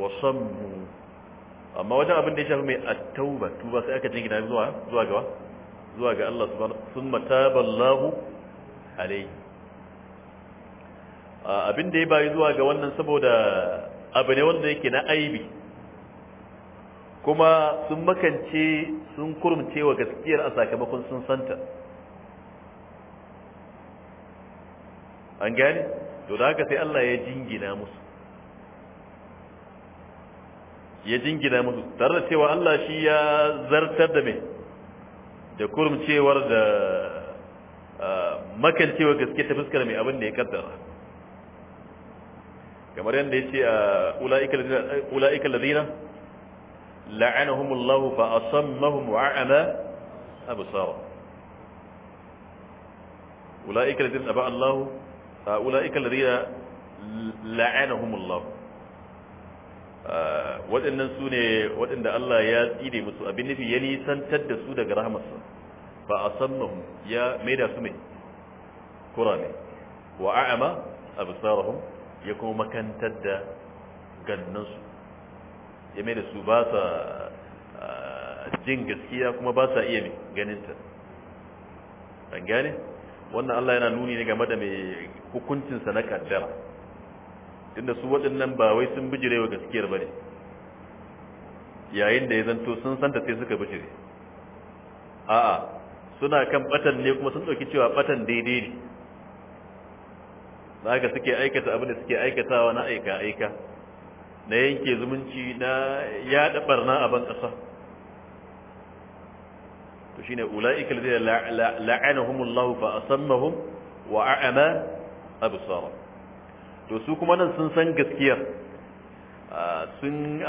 wa sammu amma wajen abin da ya shafi mai attauba tuba sai aka jingina zuwa zuwa gawa zuwa ga Allah sun sun Ballahu. alai abin da ya bayi zuwa ga wannan saboda abu ne wanda yake na aibi kuma sun makance sun kurmce wa gaskiyar a sakamakon sun santa an gane to da haka sai Allah ya jingina musu ya jingina musu tare da cewa Allah shi ya zartar da mai da kurmcewar da makan makancewa gaske ta fuskar mai abin da ya kaddara kamar yadda ya ce a ula'ika ladina la'anahumullahu fa asammahum wa a'ama absara ula'ika ladina allahu Allah ula'ika ladina la'anahumullahu waɗannan su ne waɗanda Allah ya tsire musu abin nufi ya nisantar da su daga rahamarsa ba a san sammahum ya maida su mai kura ne wa a'ama absarahum ya kuma makantar da gannansu ya mai da su ba sa jin gaskiya kuma ba sa iya ganinta an gane wannan Allah yana nuni ne game da mai hukuncinsa na kaddara tunda su waɗannan ba wai sun bijirewa gaskiyar ba ne yayin da ya zanto sun santa sai suka bijire a'a suna kan batan ne kuma sun ɗauki cewa batan daidai ne da haka suke aikata abin da suke aikatawa na aika aika na yanke zumunci na yaɗa barna a ban kasa to shine ula'ika zai la'anahumullahu fa asammahum wa a'ama absara to su kuma nan sun san gaskiya sun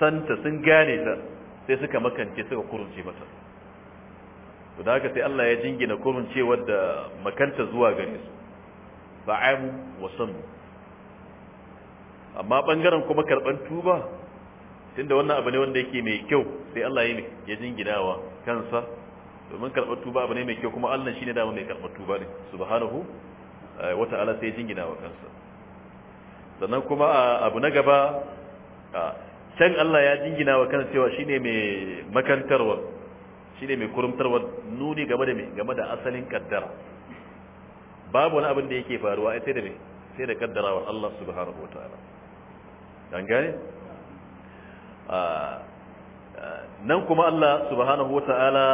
santa sun gane ta sai suka makance suka kurce mata to da haka sai Allah ya jingina komin cewa da makanta zuwa gare su ba'amu wa sanmu amma bangaren kuma karban tuba tunda wannan abu ne wanda yake mai kyau sai Allah ya ya jinginawa kansa domin karban tuba abu ne mai kyau kuma Allah shine da mai karban tuba ne subhanahu eh, wa ta'ala sai ya jinginawa kansa sannan kuma abu na gaba can Allah ya jinginawa kansa cewa shine mai makantarwa shine mai kurumtarwa nuni game da mai game da asalin kaddara babu wani abin da yake faruwa sai da mai sai da kaddarawar Allah subhanahu ta'ala dan gane ah, ah, nan kuma Allah subhanahu ta'ala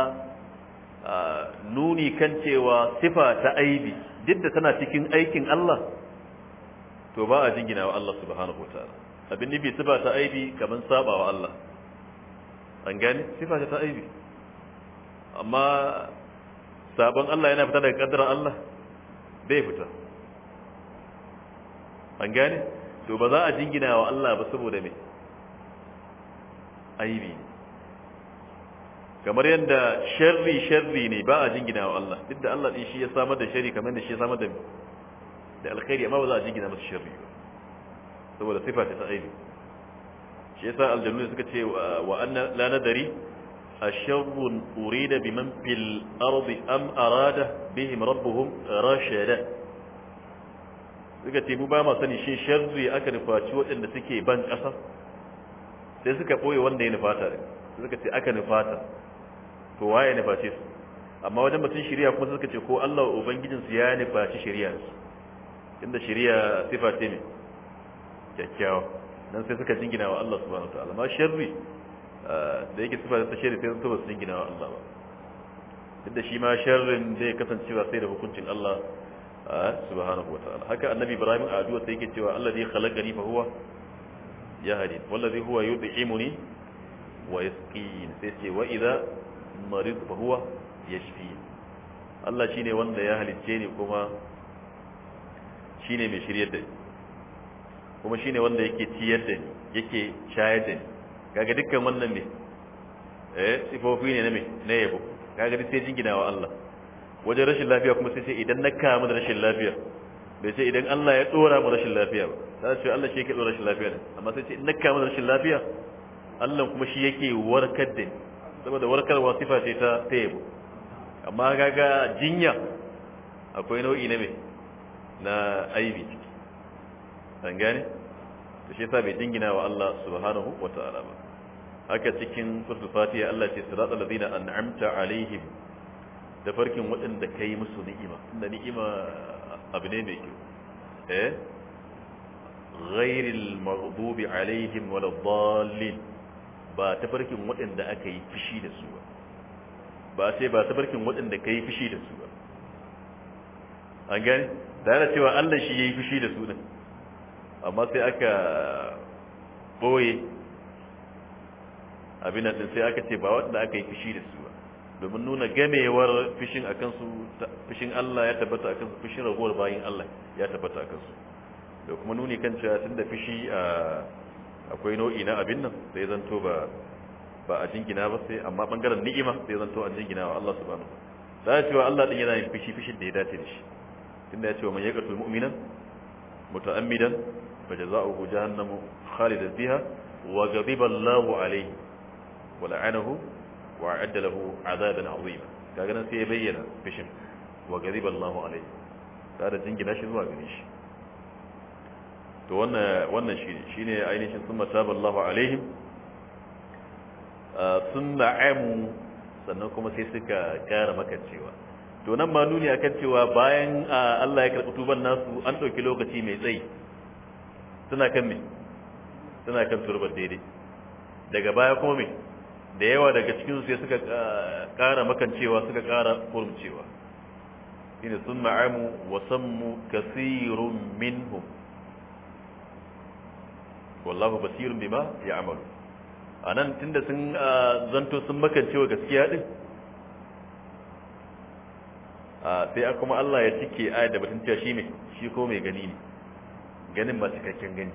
ah, nuni kan cewa sifa ta aibi duk da tana cikin aikin Allah to ba a jingina wa Allah subhanahu ta'ala abin nufi sifa ta aibi kaman saba wa Allah an gane sifa ta aibi amma sabon Allah yana fita daga kaddarar Allah bai fita an gane to ba za a jingina wa Allah ba saboda me aibi kamar yadda sharri sharri ne ba a jingina wa Allah duk da Allah din shi ya samar da sharri kamar da shi ya samar da da alkhairi amma ba za a jingina masa sharri ba saboda sifa ta aibi shi yasa aljannu suka ce wa anna la nadari asharrun urida biman fil ardi am arada bihim rabbuhum rashada suka ce mu ba ma sani shi sharri aka nufaci waɗanda suke ban ƙasa sai suka ɓoye wanda ya nufata ne suka ce aka nufata to ya nuface su amma wajen batun shari'a kuma suka ce ko Allah ubangijinsu ya nufaci shari'arsu inda shari'a sifa ce ne kyakkyawa dan sai suka jingina wa Allah subhanahu ta'ala. ma sharri da yake da ta shari sai su ba su jingina wa Allah ba duk da shi ma sharrin kasance kasancewa sai da hukuncin Allah subhanahu ta'ala haka annabi ibrahim a addu'a sai yake cewa allazi ni fa huwa yahdi wallazi huwa yud'imuni wa yasqin sai ce wa idza marid fa huwa yashfi Allah shine wanda ya halicce ni kuma shine mai shiryar da ni kuma shine wanda yake ciyar da ni yake shayar da ni kaga dukkan wannan ne eh sifofi ne na me na yabo kaga duk sai jingina wa Allah wajen rashin lafiya kuma sai sai idan na kamu da rashin lafiya bai sai idan Allah ya tsora mu rashin lafiya ba ta ce Allah shi yake tsora rashin lafiya ne amma sai sai in na kamu da rashin lafiya Allah kuma shi yake warkar da saboda warkarwa sifa ce ta ta yabo amma kaga jinya akwai nau'i na me na aibi an gane da shi yasa bai dingina wa Allah subhanahu wa ta'ala ba haka cikin suratul fatiha Allah ce siratal ladina an'amta alaihim da farkin waɗanda kai musu ni'ima inda ni'ima abu ne mai kyau eh ghairil maghdubi alaihim waladdallin ba ta farkin waɗanda aka yi fushi da su ba ba sai ba ta farkin waɗanda kai fushi da su ba an gani da yana cewa Allah shi yayi fushi da su din amma sai aka boye abin nan sai aka ce ba wanda aka yi fishi da su ba domin nuna gamewar fishin akan su fishin Allah ya tabbata akan su fishin ragowar bayin Allah ya tabbata akan su da kuma nuni kan cewa fishi a akwai nau'i na abin nan sai zanto ba ba a jingina ba sai amma bangaren ni'ima sai zanto a jingina wa Allah subhanahu wa ta'ala cewa Allah din yana yin fishi fishin da ya dace da shi tunda ya ce wa man yaqtul mu'mina muta'ammidan فجزاؤه جهنم خالدا فيها وغضب الله عليه kaga nan له ya bayyana كأن wa بشم وغضب الله عليه هذا جنجنا شيء ما قريش to wannan shi ne shi ne ainihin sun mataba Allah alaihim sun sannan kuma sai suka kara cewa to nan ma nuni akan cewa bayan Allah ya karɓi tuban nasu an ɗauki lokaci mai tsayi suna kan me suna kan turbar daidai daga baya kuma me da yawa daga cikin su suka kara ah, makancewa suka kara kurmcewa ina sun amu wa sammu kaseerun minhum wallahu basirun bima ya'malu anan tunda sun ah, zanto sun makancewa gaskiya din ah, sai kuma Allah ya cike ayat da batun cewa shi ne shi ko mai gani ne ganin ba cikakken gani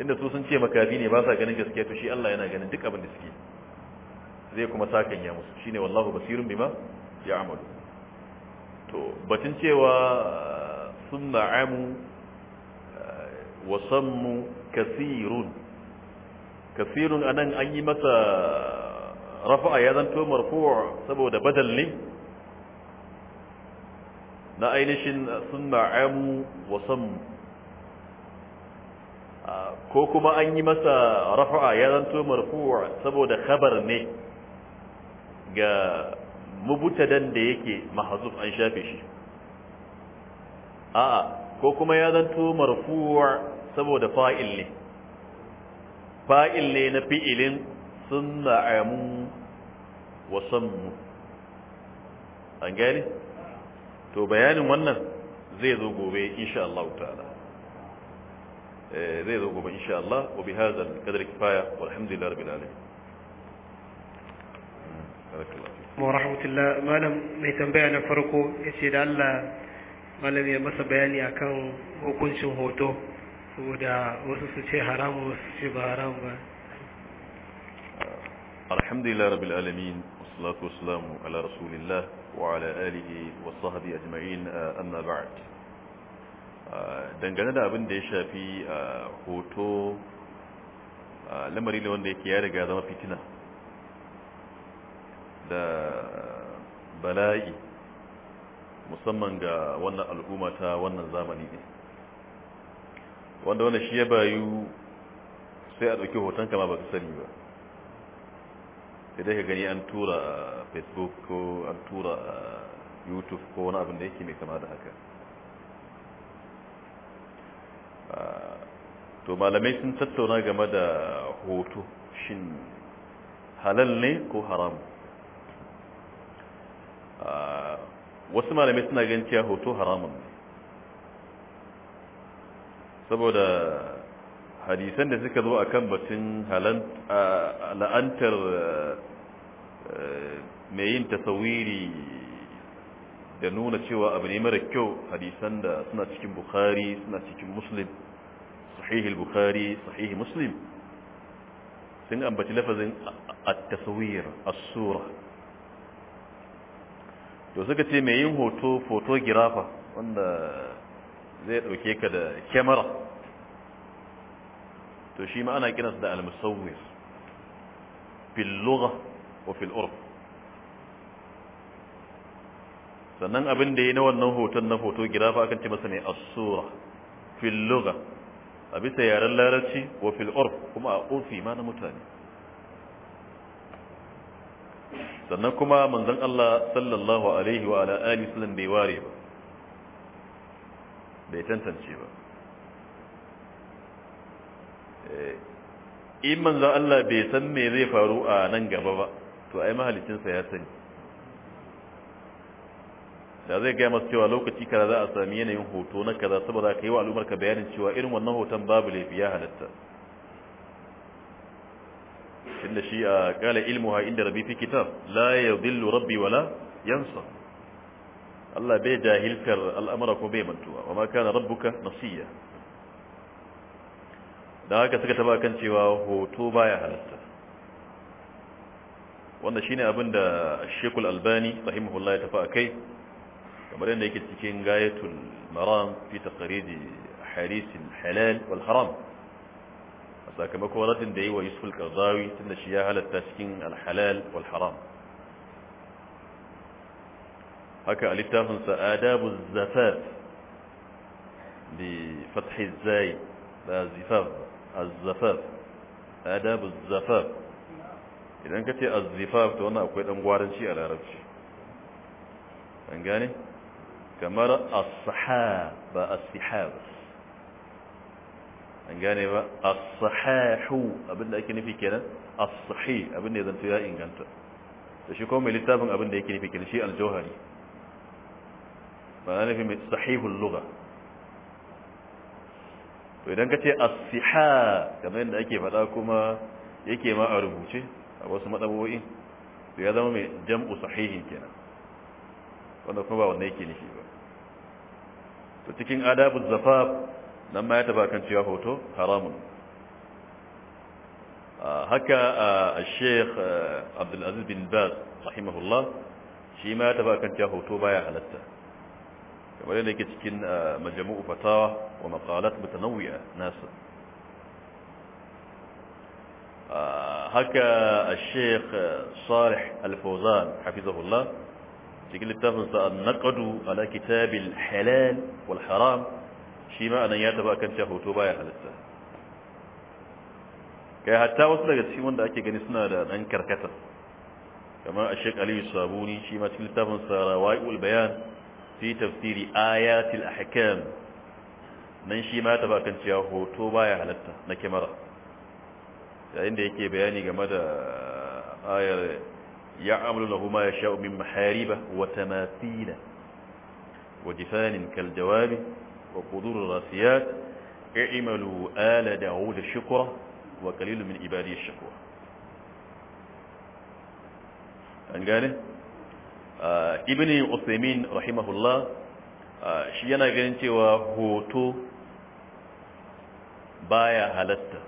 inda su sun ce makafi ne ba sa ganin gaskiya to shi Allah yana ganin duk abin da suke zai kuma sakan ya musu shine wallahu basirun bima ya amalu to batun cewa sunna amu wa sammu kasirun kasirun anan an yi masa rafa'a ya zanto marfu' saboda badal ne na ainihin sunna amu wa sammu ko kuma an yi masa rafa'a ya zanto marfu'a saboda khabar ne ga mubutadan da yake mahzuf an shafe shi a'a ko kuma ya zanto marfu'a saboda fa'il ne fa'il ne na fi'ilin sunna'amu wa sammu an gani to bayanin wannan zai zo gobe insha Allah ta'ala ذيذ وقوب إن شاء الله وبهذا القدر كفاية والحمد لله رب العالمين ورحمة الله ما لم نتنبع نفرقه يسيد الله ما لم يمس بياني أكام وكن شمهوتو ودا وسوسو شيء حرام وسوسو شيء بحرام الحمد لله رب العالمين والصلاة والسلام على رسول الله وعلى آله وصحبه أجمعين آه، أما بعد dangane da abin da ya shafi a hoto lamari ne wanda yake ya riga zama fitina da bala'i musamman ga wannan al'umma ta wannan zamani ne wanda wanda shi ya bayu sai a ɗauki hoton kama ba ta sani ba sai dai ka gani an tura a facebook ko an tura a youtube ko wani abin da yake mai kama da haka to malamai sun tattauna game da hoto shin halal ne ko haram wasu malamai suna ganciya cewa hoto haramun ne saboda hadisan da suka zo a kan batun la'antar eh, mai yin tasawiri da nuna cewa abu ne mara kyau hadisan da suna cikin bukhari suna cikin muslim sahihul bukhari sahih muslim sun ambaci lafazin at-taswir as-sura to suka ce mai yin hoto photographer wanda zai dauke ka da camera to shi ma ana kiransa da al-musawwir fil lugha wa fil urf sannan abin da ya na wannan hoton na hoto gida girafa akan ce masa ne asura fil lugha a bisa yaren larabci wa fil urf kuma a ofi ma na mutane sannan kuma manzon Allah sallallahu alaihi wa ala alihi sallam bai ware ba bai tantance ba eh, in manzon Allah bai san me zai faru a nan gaba ba to ai mahalicinsa ya sani da zai gaya masu cewa lokaci kaza za a sami yanayin hoto na kaza saboda ka yi wa al'ummar bayanin cewa irin wannan hoton babu laifi ya halatta inda shi a kala ilmuha inda rabi fi kitab la yadhillu rabbi wala yansa Allah bai jahilkar al'amura ko bai mantuwa wa ma kana rabbuka nasiya da haka suka taba kan cewa hoto baya halatta wanda shine abin da Sheikh Al-Albani rahimahullah ya tafi akai kamar yadda yake cikin gayatul maram fi taqridi harisin halal wal haram a sakamakon ratin da yi wa yusuf al-qardawi tunda shi ya halatta cikin al-halal wal haram haka a littafin sa adabu zafaf bi fathi zai da zifaf az-zafaf adabu zafaf idan ka ce az-zifaf to wannan akwai dan gwaranci a larabci an gane kamar as-saha ba as-sihab an gane ba as-sahahu abinda ake nufi kenan as-sahih abinda zan zanto ya inganta da shi kuma mai littafin abinda yake nufi kenan shi al-jawhari ba na nufi mai sahihul lugha to idan ka ce as-siha kamar yadda ake faɗa kuma yake ma a rubuce a wasu madaboi to ya zama mai jam'u sahihin kenan wanda kuma ba wanda yake nishi ba to cikin adabul zafaf nan ma ya taba kan cewa hoto haramun haka al-sheikh Abdul Aziz bin Baz rahimahullah shi ma ya taba kan cewa hoto baya halatta kamar yadda yake cikin majmu'u fatawa wa maqalat mutanawwi'a nasa haka al-sheikh Salih Al-Fawzan hafizahullah cikin littafin sa an-naqdu ala kitabil halal wal haram shi ma anan ya taba kan cewa hoto baya halatta kai hatta wasu daga cikin wanda ake gani suna da dan karkata kamar Sheikh Ali Sabuni shi ma cikin littafin sa Rawaiul Bayan fi tafsiri ayatil ahkam nan shi ma taba kan cewa hoto baya halatta na kamera yayin da yake bayani game da ayar ya amuru da kuma ya sha'umin mahariba wata matina wa jifanin kaljawabi wa kudurin rasiya ya imalu ala da hau da wa kalilu min ibadiyya shikwa an gane? ibini osimin rahimahullah shi yana ganin cewa hoto baya halatta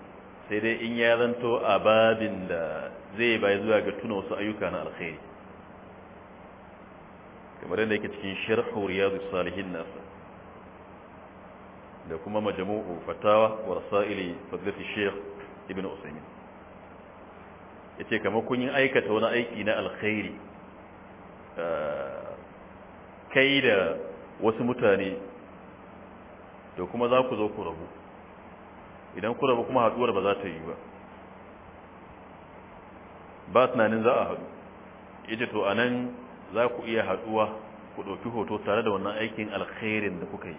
sai dai in yaranto a babin da zai bai zuwa ga tuna wasu ayyuka na alkhairi kamar yadda yake cikin ya zuci salihin nasa da kuma majamu'u fatawa wa rasaili fadlati sheikh ibn ya yace kamar kun yi aikata wani aiki na alkhairi eh, kai da wasu mutane da kuma za ku zo ku rabu idan ku rabu kuma haɗuwar ba za ta yi ba ba tunanin za a haɗu ita to anan za ku iya haɗuwa ku ɗauki hoto tare da wannan aikin alkhairin da kuka yi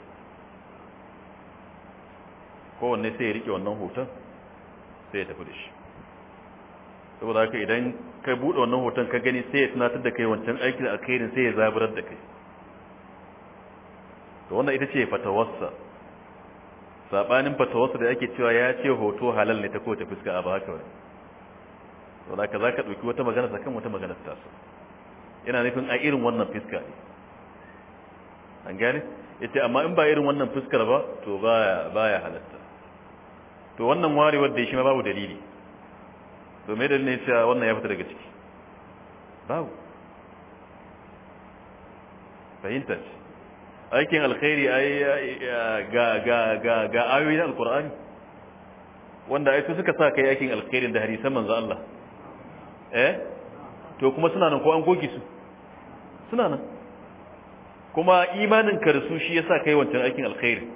kowanne sai ya rike wannan hoton sai ya tafi da shi saboda haka idan ka buɗe wannan hoton ka gani sai ya tunatar da kai wancan aikin alkhairin sai ya zaburar da kai to wannan ita ce fatawarsa sabanin fatawarsa da ake cewa ya ce hoto halal ne ta kowace fuska a ba haka wani to da ka za ka ɗauki wata magana kan wata magana ta su yana nufin a irin wannan fiska ne an gani ita amma in ba irin wannan fuskar ba to baya ya halatta to wannan warewar da shi ma babu dalili to me dalilin cewa wannan ya fita daga ciki babu fahimta ce aikin alkhairi a ga ga ga ga ayoyin alkur'ani wanda ai su suka sa kai aikin alkhairi da harisan manzo Allah eh to kuma suna nan ko an goge su suna nan kuma imaninka da su shi ya sa kai wancan aikin alkhairi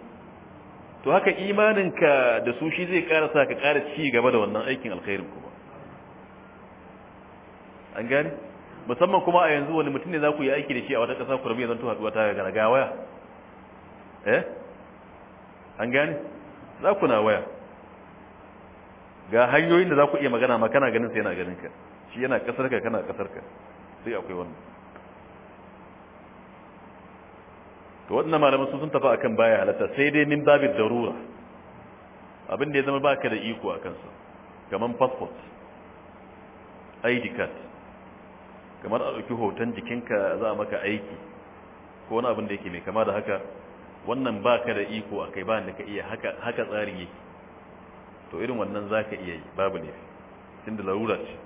to haka imaninka da su shi zai ƙara sa ka ƙara ci gaba da wannan aikin alkhairin kuma an gani? musamman kuma a yanzu wani mutum ne za ku yi aiki da shi a wata ƙasa ku rabu ya zanto haɗuwa ta ga waya eh an gani? za ku na waya ga hanyoyin da za ku iya magana ma ganin sai yana ganin ka shi yana kasar ka kana kasar ka sai akwai wannan to wannan malaman sun tafi akan baya halatta sai dai min babin darura abin da ya zama baka da iko a kansa kamar passport id card kamar a ɗauki hoton jikinka za a maka aiki ko wani abin da yake mai kama da haka wannan baka da iko a kai ba da ka iya haka tsari yake to irin wannan za ka iya yi babu ne tun da larura ce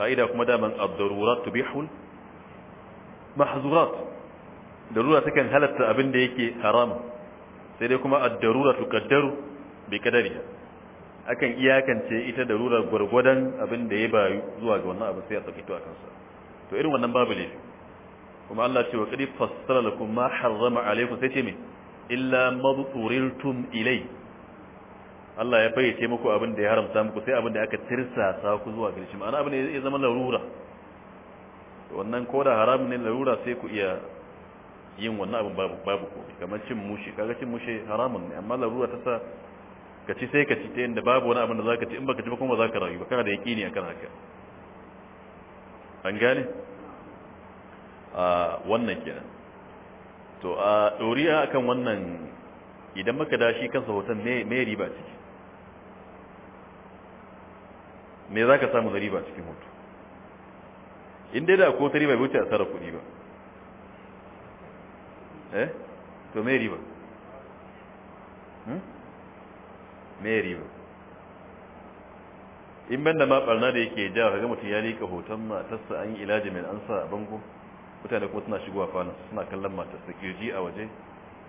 ka'ida kuma daman ad-darurat tubihul mahzurat darura takan halatta abin da yake haram sai dai kuma ad-darura tuqaddaru bi qadariha akan iyakance ita darurar gurgurdan abin da ya bayu zuwa ga wannan abu sai a tsakito akan sa to irin wannan babu ne kuma Allah ce wa qad fassara lakum ma harrama alaykum sai ce me illa ma turiltum ilayhi Allah ya fayyace muku abin da ya haramta muku sai abin da aka tirsasa ku zuwa gare ma'ana abin da ya zama larura wannan ko da haramun ne larura sai ku iya yin wannan abin babu babu ko kamar cin mushi kaga cin mushi haramun ne amma larura ta sa ka ci sai ka ci ta yadda babu wani abin da zaka ci in baka ci ba kuma zaka rayu ba kana da yaqini akan haka an gane a wannan kenan to a doriya akan wannan idan maka dashi kansa hoton me me riba ciki me za ka samu da riba cikin hutu in dai da ko ta riba wuce a tsara kudi ba eh to me riba hmm? me riba in banda ma barna da yake ja ga mutum ya lika hoton matarsa an yi ilaji mai ansa a bango mutane kuma suna shigowa fana suna kallon matarsa kirji a waje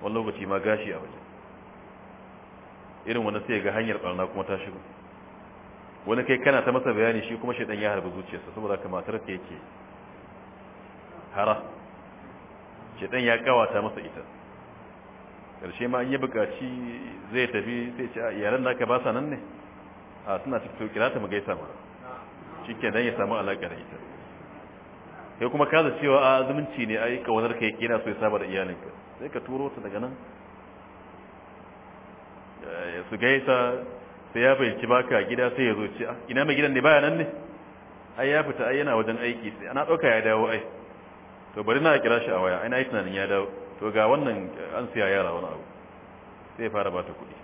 wani lokaci ma gashi a waje irin wanda sai ga hanyar barna kuma ta shigo wani kai kana ta masa bayani shi kuma shaidan ya harbi zuciyarsa saboda ka matar ta yake hara shaidan ya kawata masa ita karshe ma an yi bukaci zai tafi sai ce da ka ba sa nan ne a suna cikin kira ta mu gaisa ma shi ke ya samu alaƙa da ita kai kuma ka da cewa a zumunci ne ai kawanar ka yake yana so ya saba da iyalinka sai ka turo ta daga nan su gaisa sai ya fahimci baka gida sai ya zo ce ah, ina mai gidan ne baya nan ne ai ya fita ai yana wajen aiki sai ana ah, ɗauka ya dawo ai to bari na kira shi a waya ai na yi tunanin ya dawo to ga wannan an siya yara wani abu sai ya fara ba ta kuɗi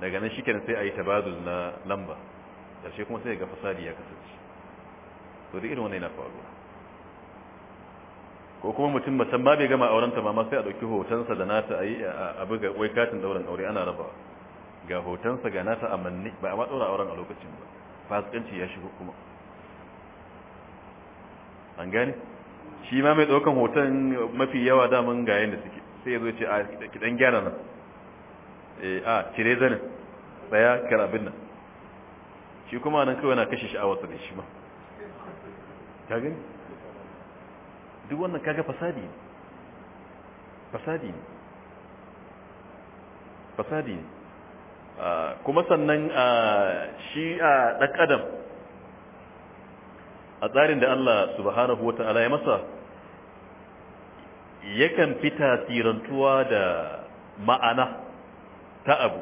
daga nan shikenan sai a yi tabadul na lamba ƙarshe kuma sai ga fasadi ya kasance to da irin wannan yana faruwa ko kuma mutum macen ba bai gama auren ta ma sai a dauki hotonsa da nata a yi a buga wai katin dauran aure ana rabawa ga hotonsa ga nata a manne ba a ma ɗaura auren a lokacin ba fasikanci ya shigo kuma an gane shi ma mai daukan hoton mafi yawa mun ga yanda suke sai ya zo ce a kidan gyara nan eh a cire zanin tsaya karabin nan shi kuma nan kawai na kashe sha'awarsa da shi ma ka gani duk wannan kaga fasadi ne fasadi ne fasadi ne ah, kuma sannan ah, shi a ah, ɗan adam a tsarin da Allah subhanahu wa ta'ala ya masa yakan fita tasirantuwa da ma'ana ta abu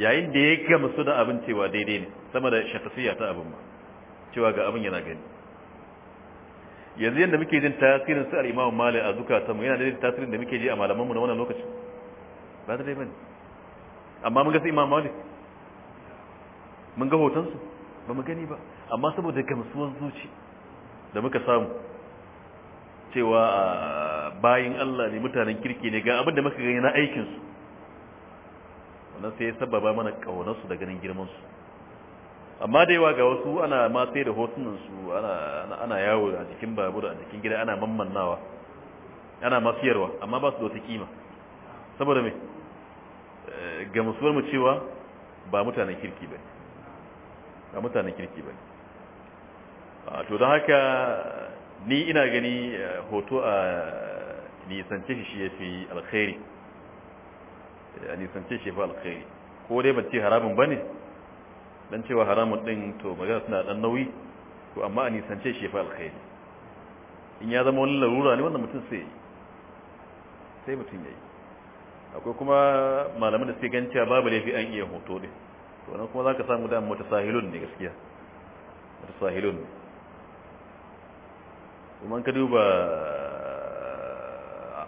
yayin da ya gamsu da abin cewa daidai ne sama da shakasiyya ta abin ma cewa ga abin yana gani yanzu yadda muke jin tasirin su al-Imam Malik a mu yana da tasirin da muke ji a malamanmu na wannan lokaci ba ta bane amma mun ga su Imam Malik mun ga hotonsu ba mu gani ba amma saboda gamsuwar zuci da muka samu cewa bayin Allah ne mutanen kirki ne ga abin da muka gani na aikinsu wannan sai ya sababa mana ƙaunarsu da ganin girmansu amma da yawa ga wasu ana matsayi da hotunan su ana yawo a jikin babur a jikin gida ana mammannawa ana masiyarwa amma ba su da wata kima saboda me eh, ga musuwar mu cewa ba mutanen kirki ba ba mutanen kirki ba to don haka ni ina gani eh, hoto a nisance shi ya fi alkhairi eh, a nisance shi ya fi alkhairi ko dai ban ce haramun ba ne dan cewa haramun din to magana tana dan nauyi to amma a nisance shi fa alkhair in ya zama wani larura ne wannan mutum sai sai mutum yayi akwai kuma malamin da suke gan cewa babu laifi an iya hoto din to nan kuma zaka samu da sahilun ne gaskiya mota sahilun kuma ka duba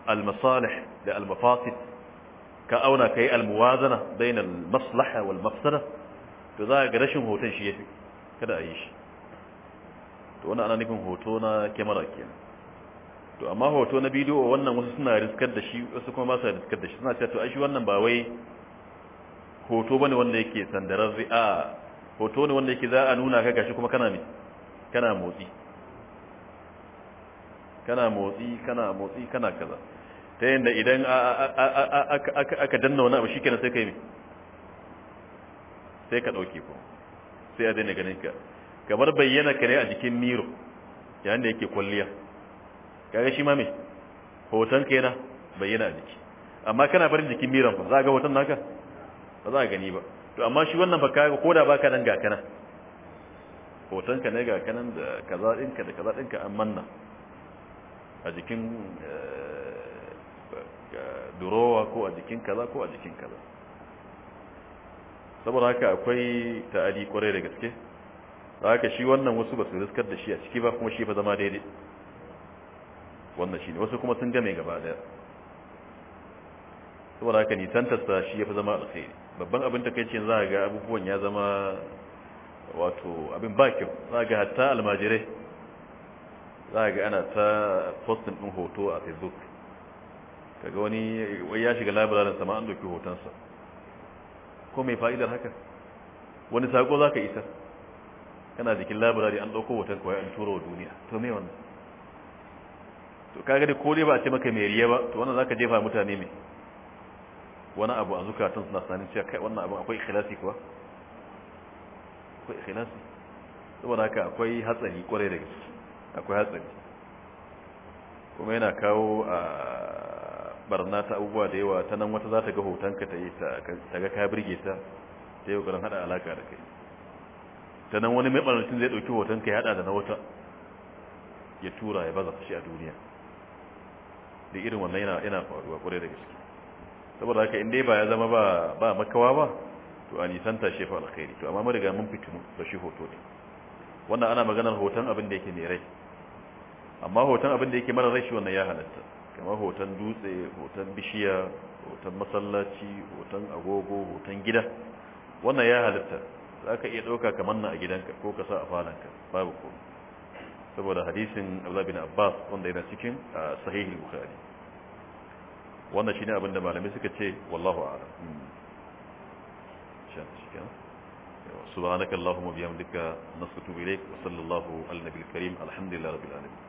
المصالح للمفاسد كأونا al الموازنة بين المصلحة والمفسدة to za a ga rashin hoton shi ya fi kada a yi shi to wani ana nufin hoto na kyamara kenan to amma hoto na bidiyo wannan wasu suna riskar da shi wasu kuma ba su riskar da shi suna cewa to ai shi wannan ba wai hoto bane wanda yake sandarar a hoto ne wanda yake za a nuna ka gashi kuma kana ne kana motsi kana motsi kana motsi kana kaza ta yadda idan aka danna wani abu shi kenan sai kai mai sai ka dauke ko sai a daina ganin ka kamar bayyana ka ne a jikin miro yayin da yake kwalliya kaga shi ma me hoton ka yana bayyana a jiki amma kana farin jikin miran ba za ga hoton naka ba za ka gani ba to amma shi wannan ba kaga koda baka nan ga kana hoton ka ne ga kanan da kaza ɗinka da kaza ɗinka an manna a jikin eh, durowa ko a jikin kaza ko a jikin kaza saboda haka akwai ta'adi kwarai da gaske haka shi wannan wasu ba su riskar da shi a ciki ba kuma shi fa zama daidai wannan shi ne wasu kuma sun game gaba daya saboda haka tasa shi ya fi zama alkhairi babban abin takaicin za a ga abubuwan ya zama wato abin ba kyau za a ga hatta almajirai za a ga ana ta postin ɗin hoto a facebook kaga wani ya shiga labararin sama an doki hotonsa ko mai fa'idar haka wani sako za ka isa kana jikin labirari an ɗauko wata kawai an tura wa duniya to me wannan to kaga da kore ba a ce maka mai riya ba to wannan za ka jefa mutane mai wani abu a zukatan suna sanin cewa kai wannan abu akwai ikhilasi kuwa akwai ikhilasi saboda haka akwai hatsari kwarai da gaske akwai hatsari kuma yana kawo a ah, barna ta abubuwa da yawa ta nan wata za ta ga hotonka ta yi ta ga ka birge ta ta yi wa haɗa alaƙa da kai ta nan wani mai ɓarnacin zai ɗauki hotonka ya haɗa da na wata ya tura ya baza shi a duniya da irin wannan yana yana faruwa ƙwarai da gaske saboda haka in dai ba ya zama ba ba makawa ba to a nisan ta shefa alkhairi to amma mun riga mun fitu da shi hoto ne wannan ana maganar hoton abin da yake mai rai amma hoton abin da yake mara rai shi wannan ya halatta kamar hoton dutse hoton bishiya hoton masallaci hoton agogo hoton gida wannan ya halitta za ka iya ɗauka kamar na a gidanka ko ka sa a falanka babu ko saboda hadisin abdullahi bin abbas wanda yana cikin sahihin bukhari wannan shi ne abinda malamai suka ce wallahu a'lam سبحانك اللهم وبحمدك نستغفرك وصلى الله على النبي الكريم الحمد لله رب العالمين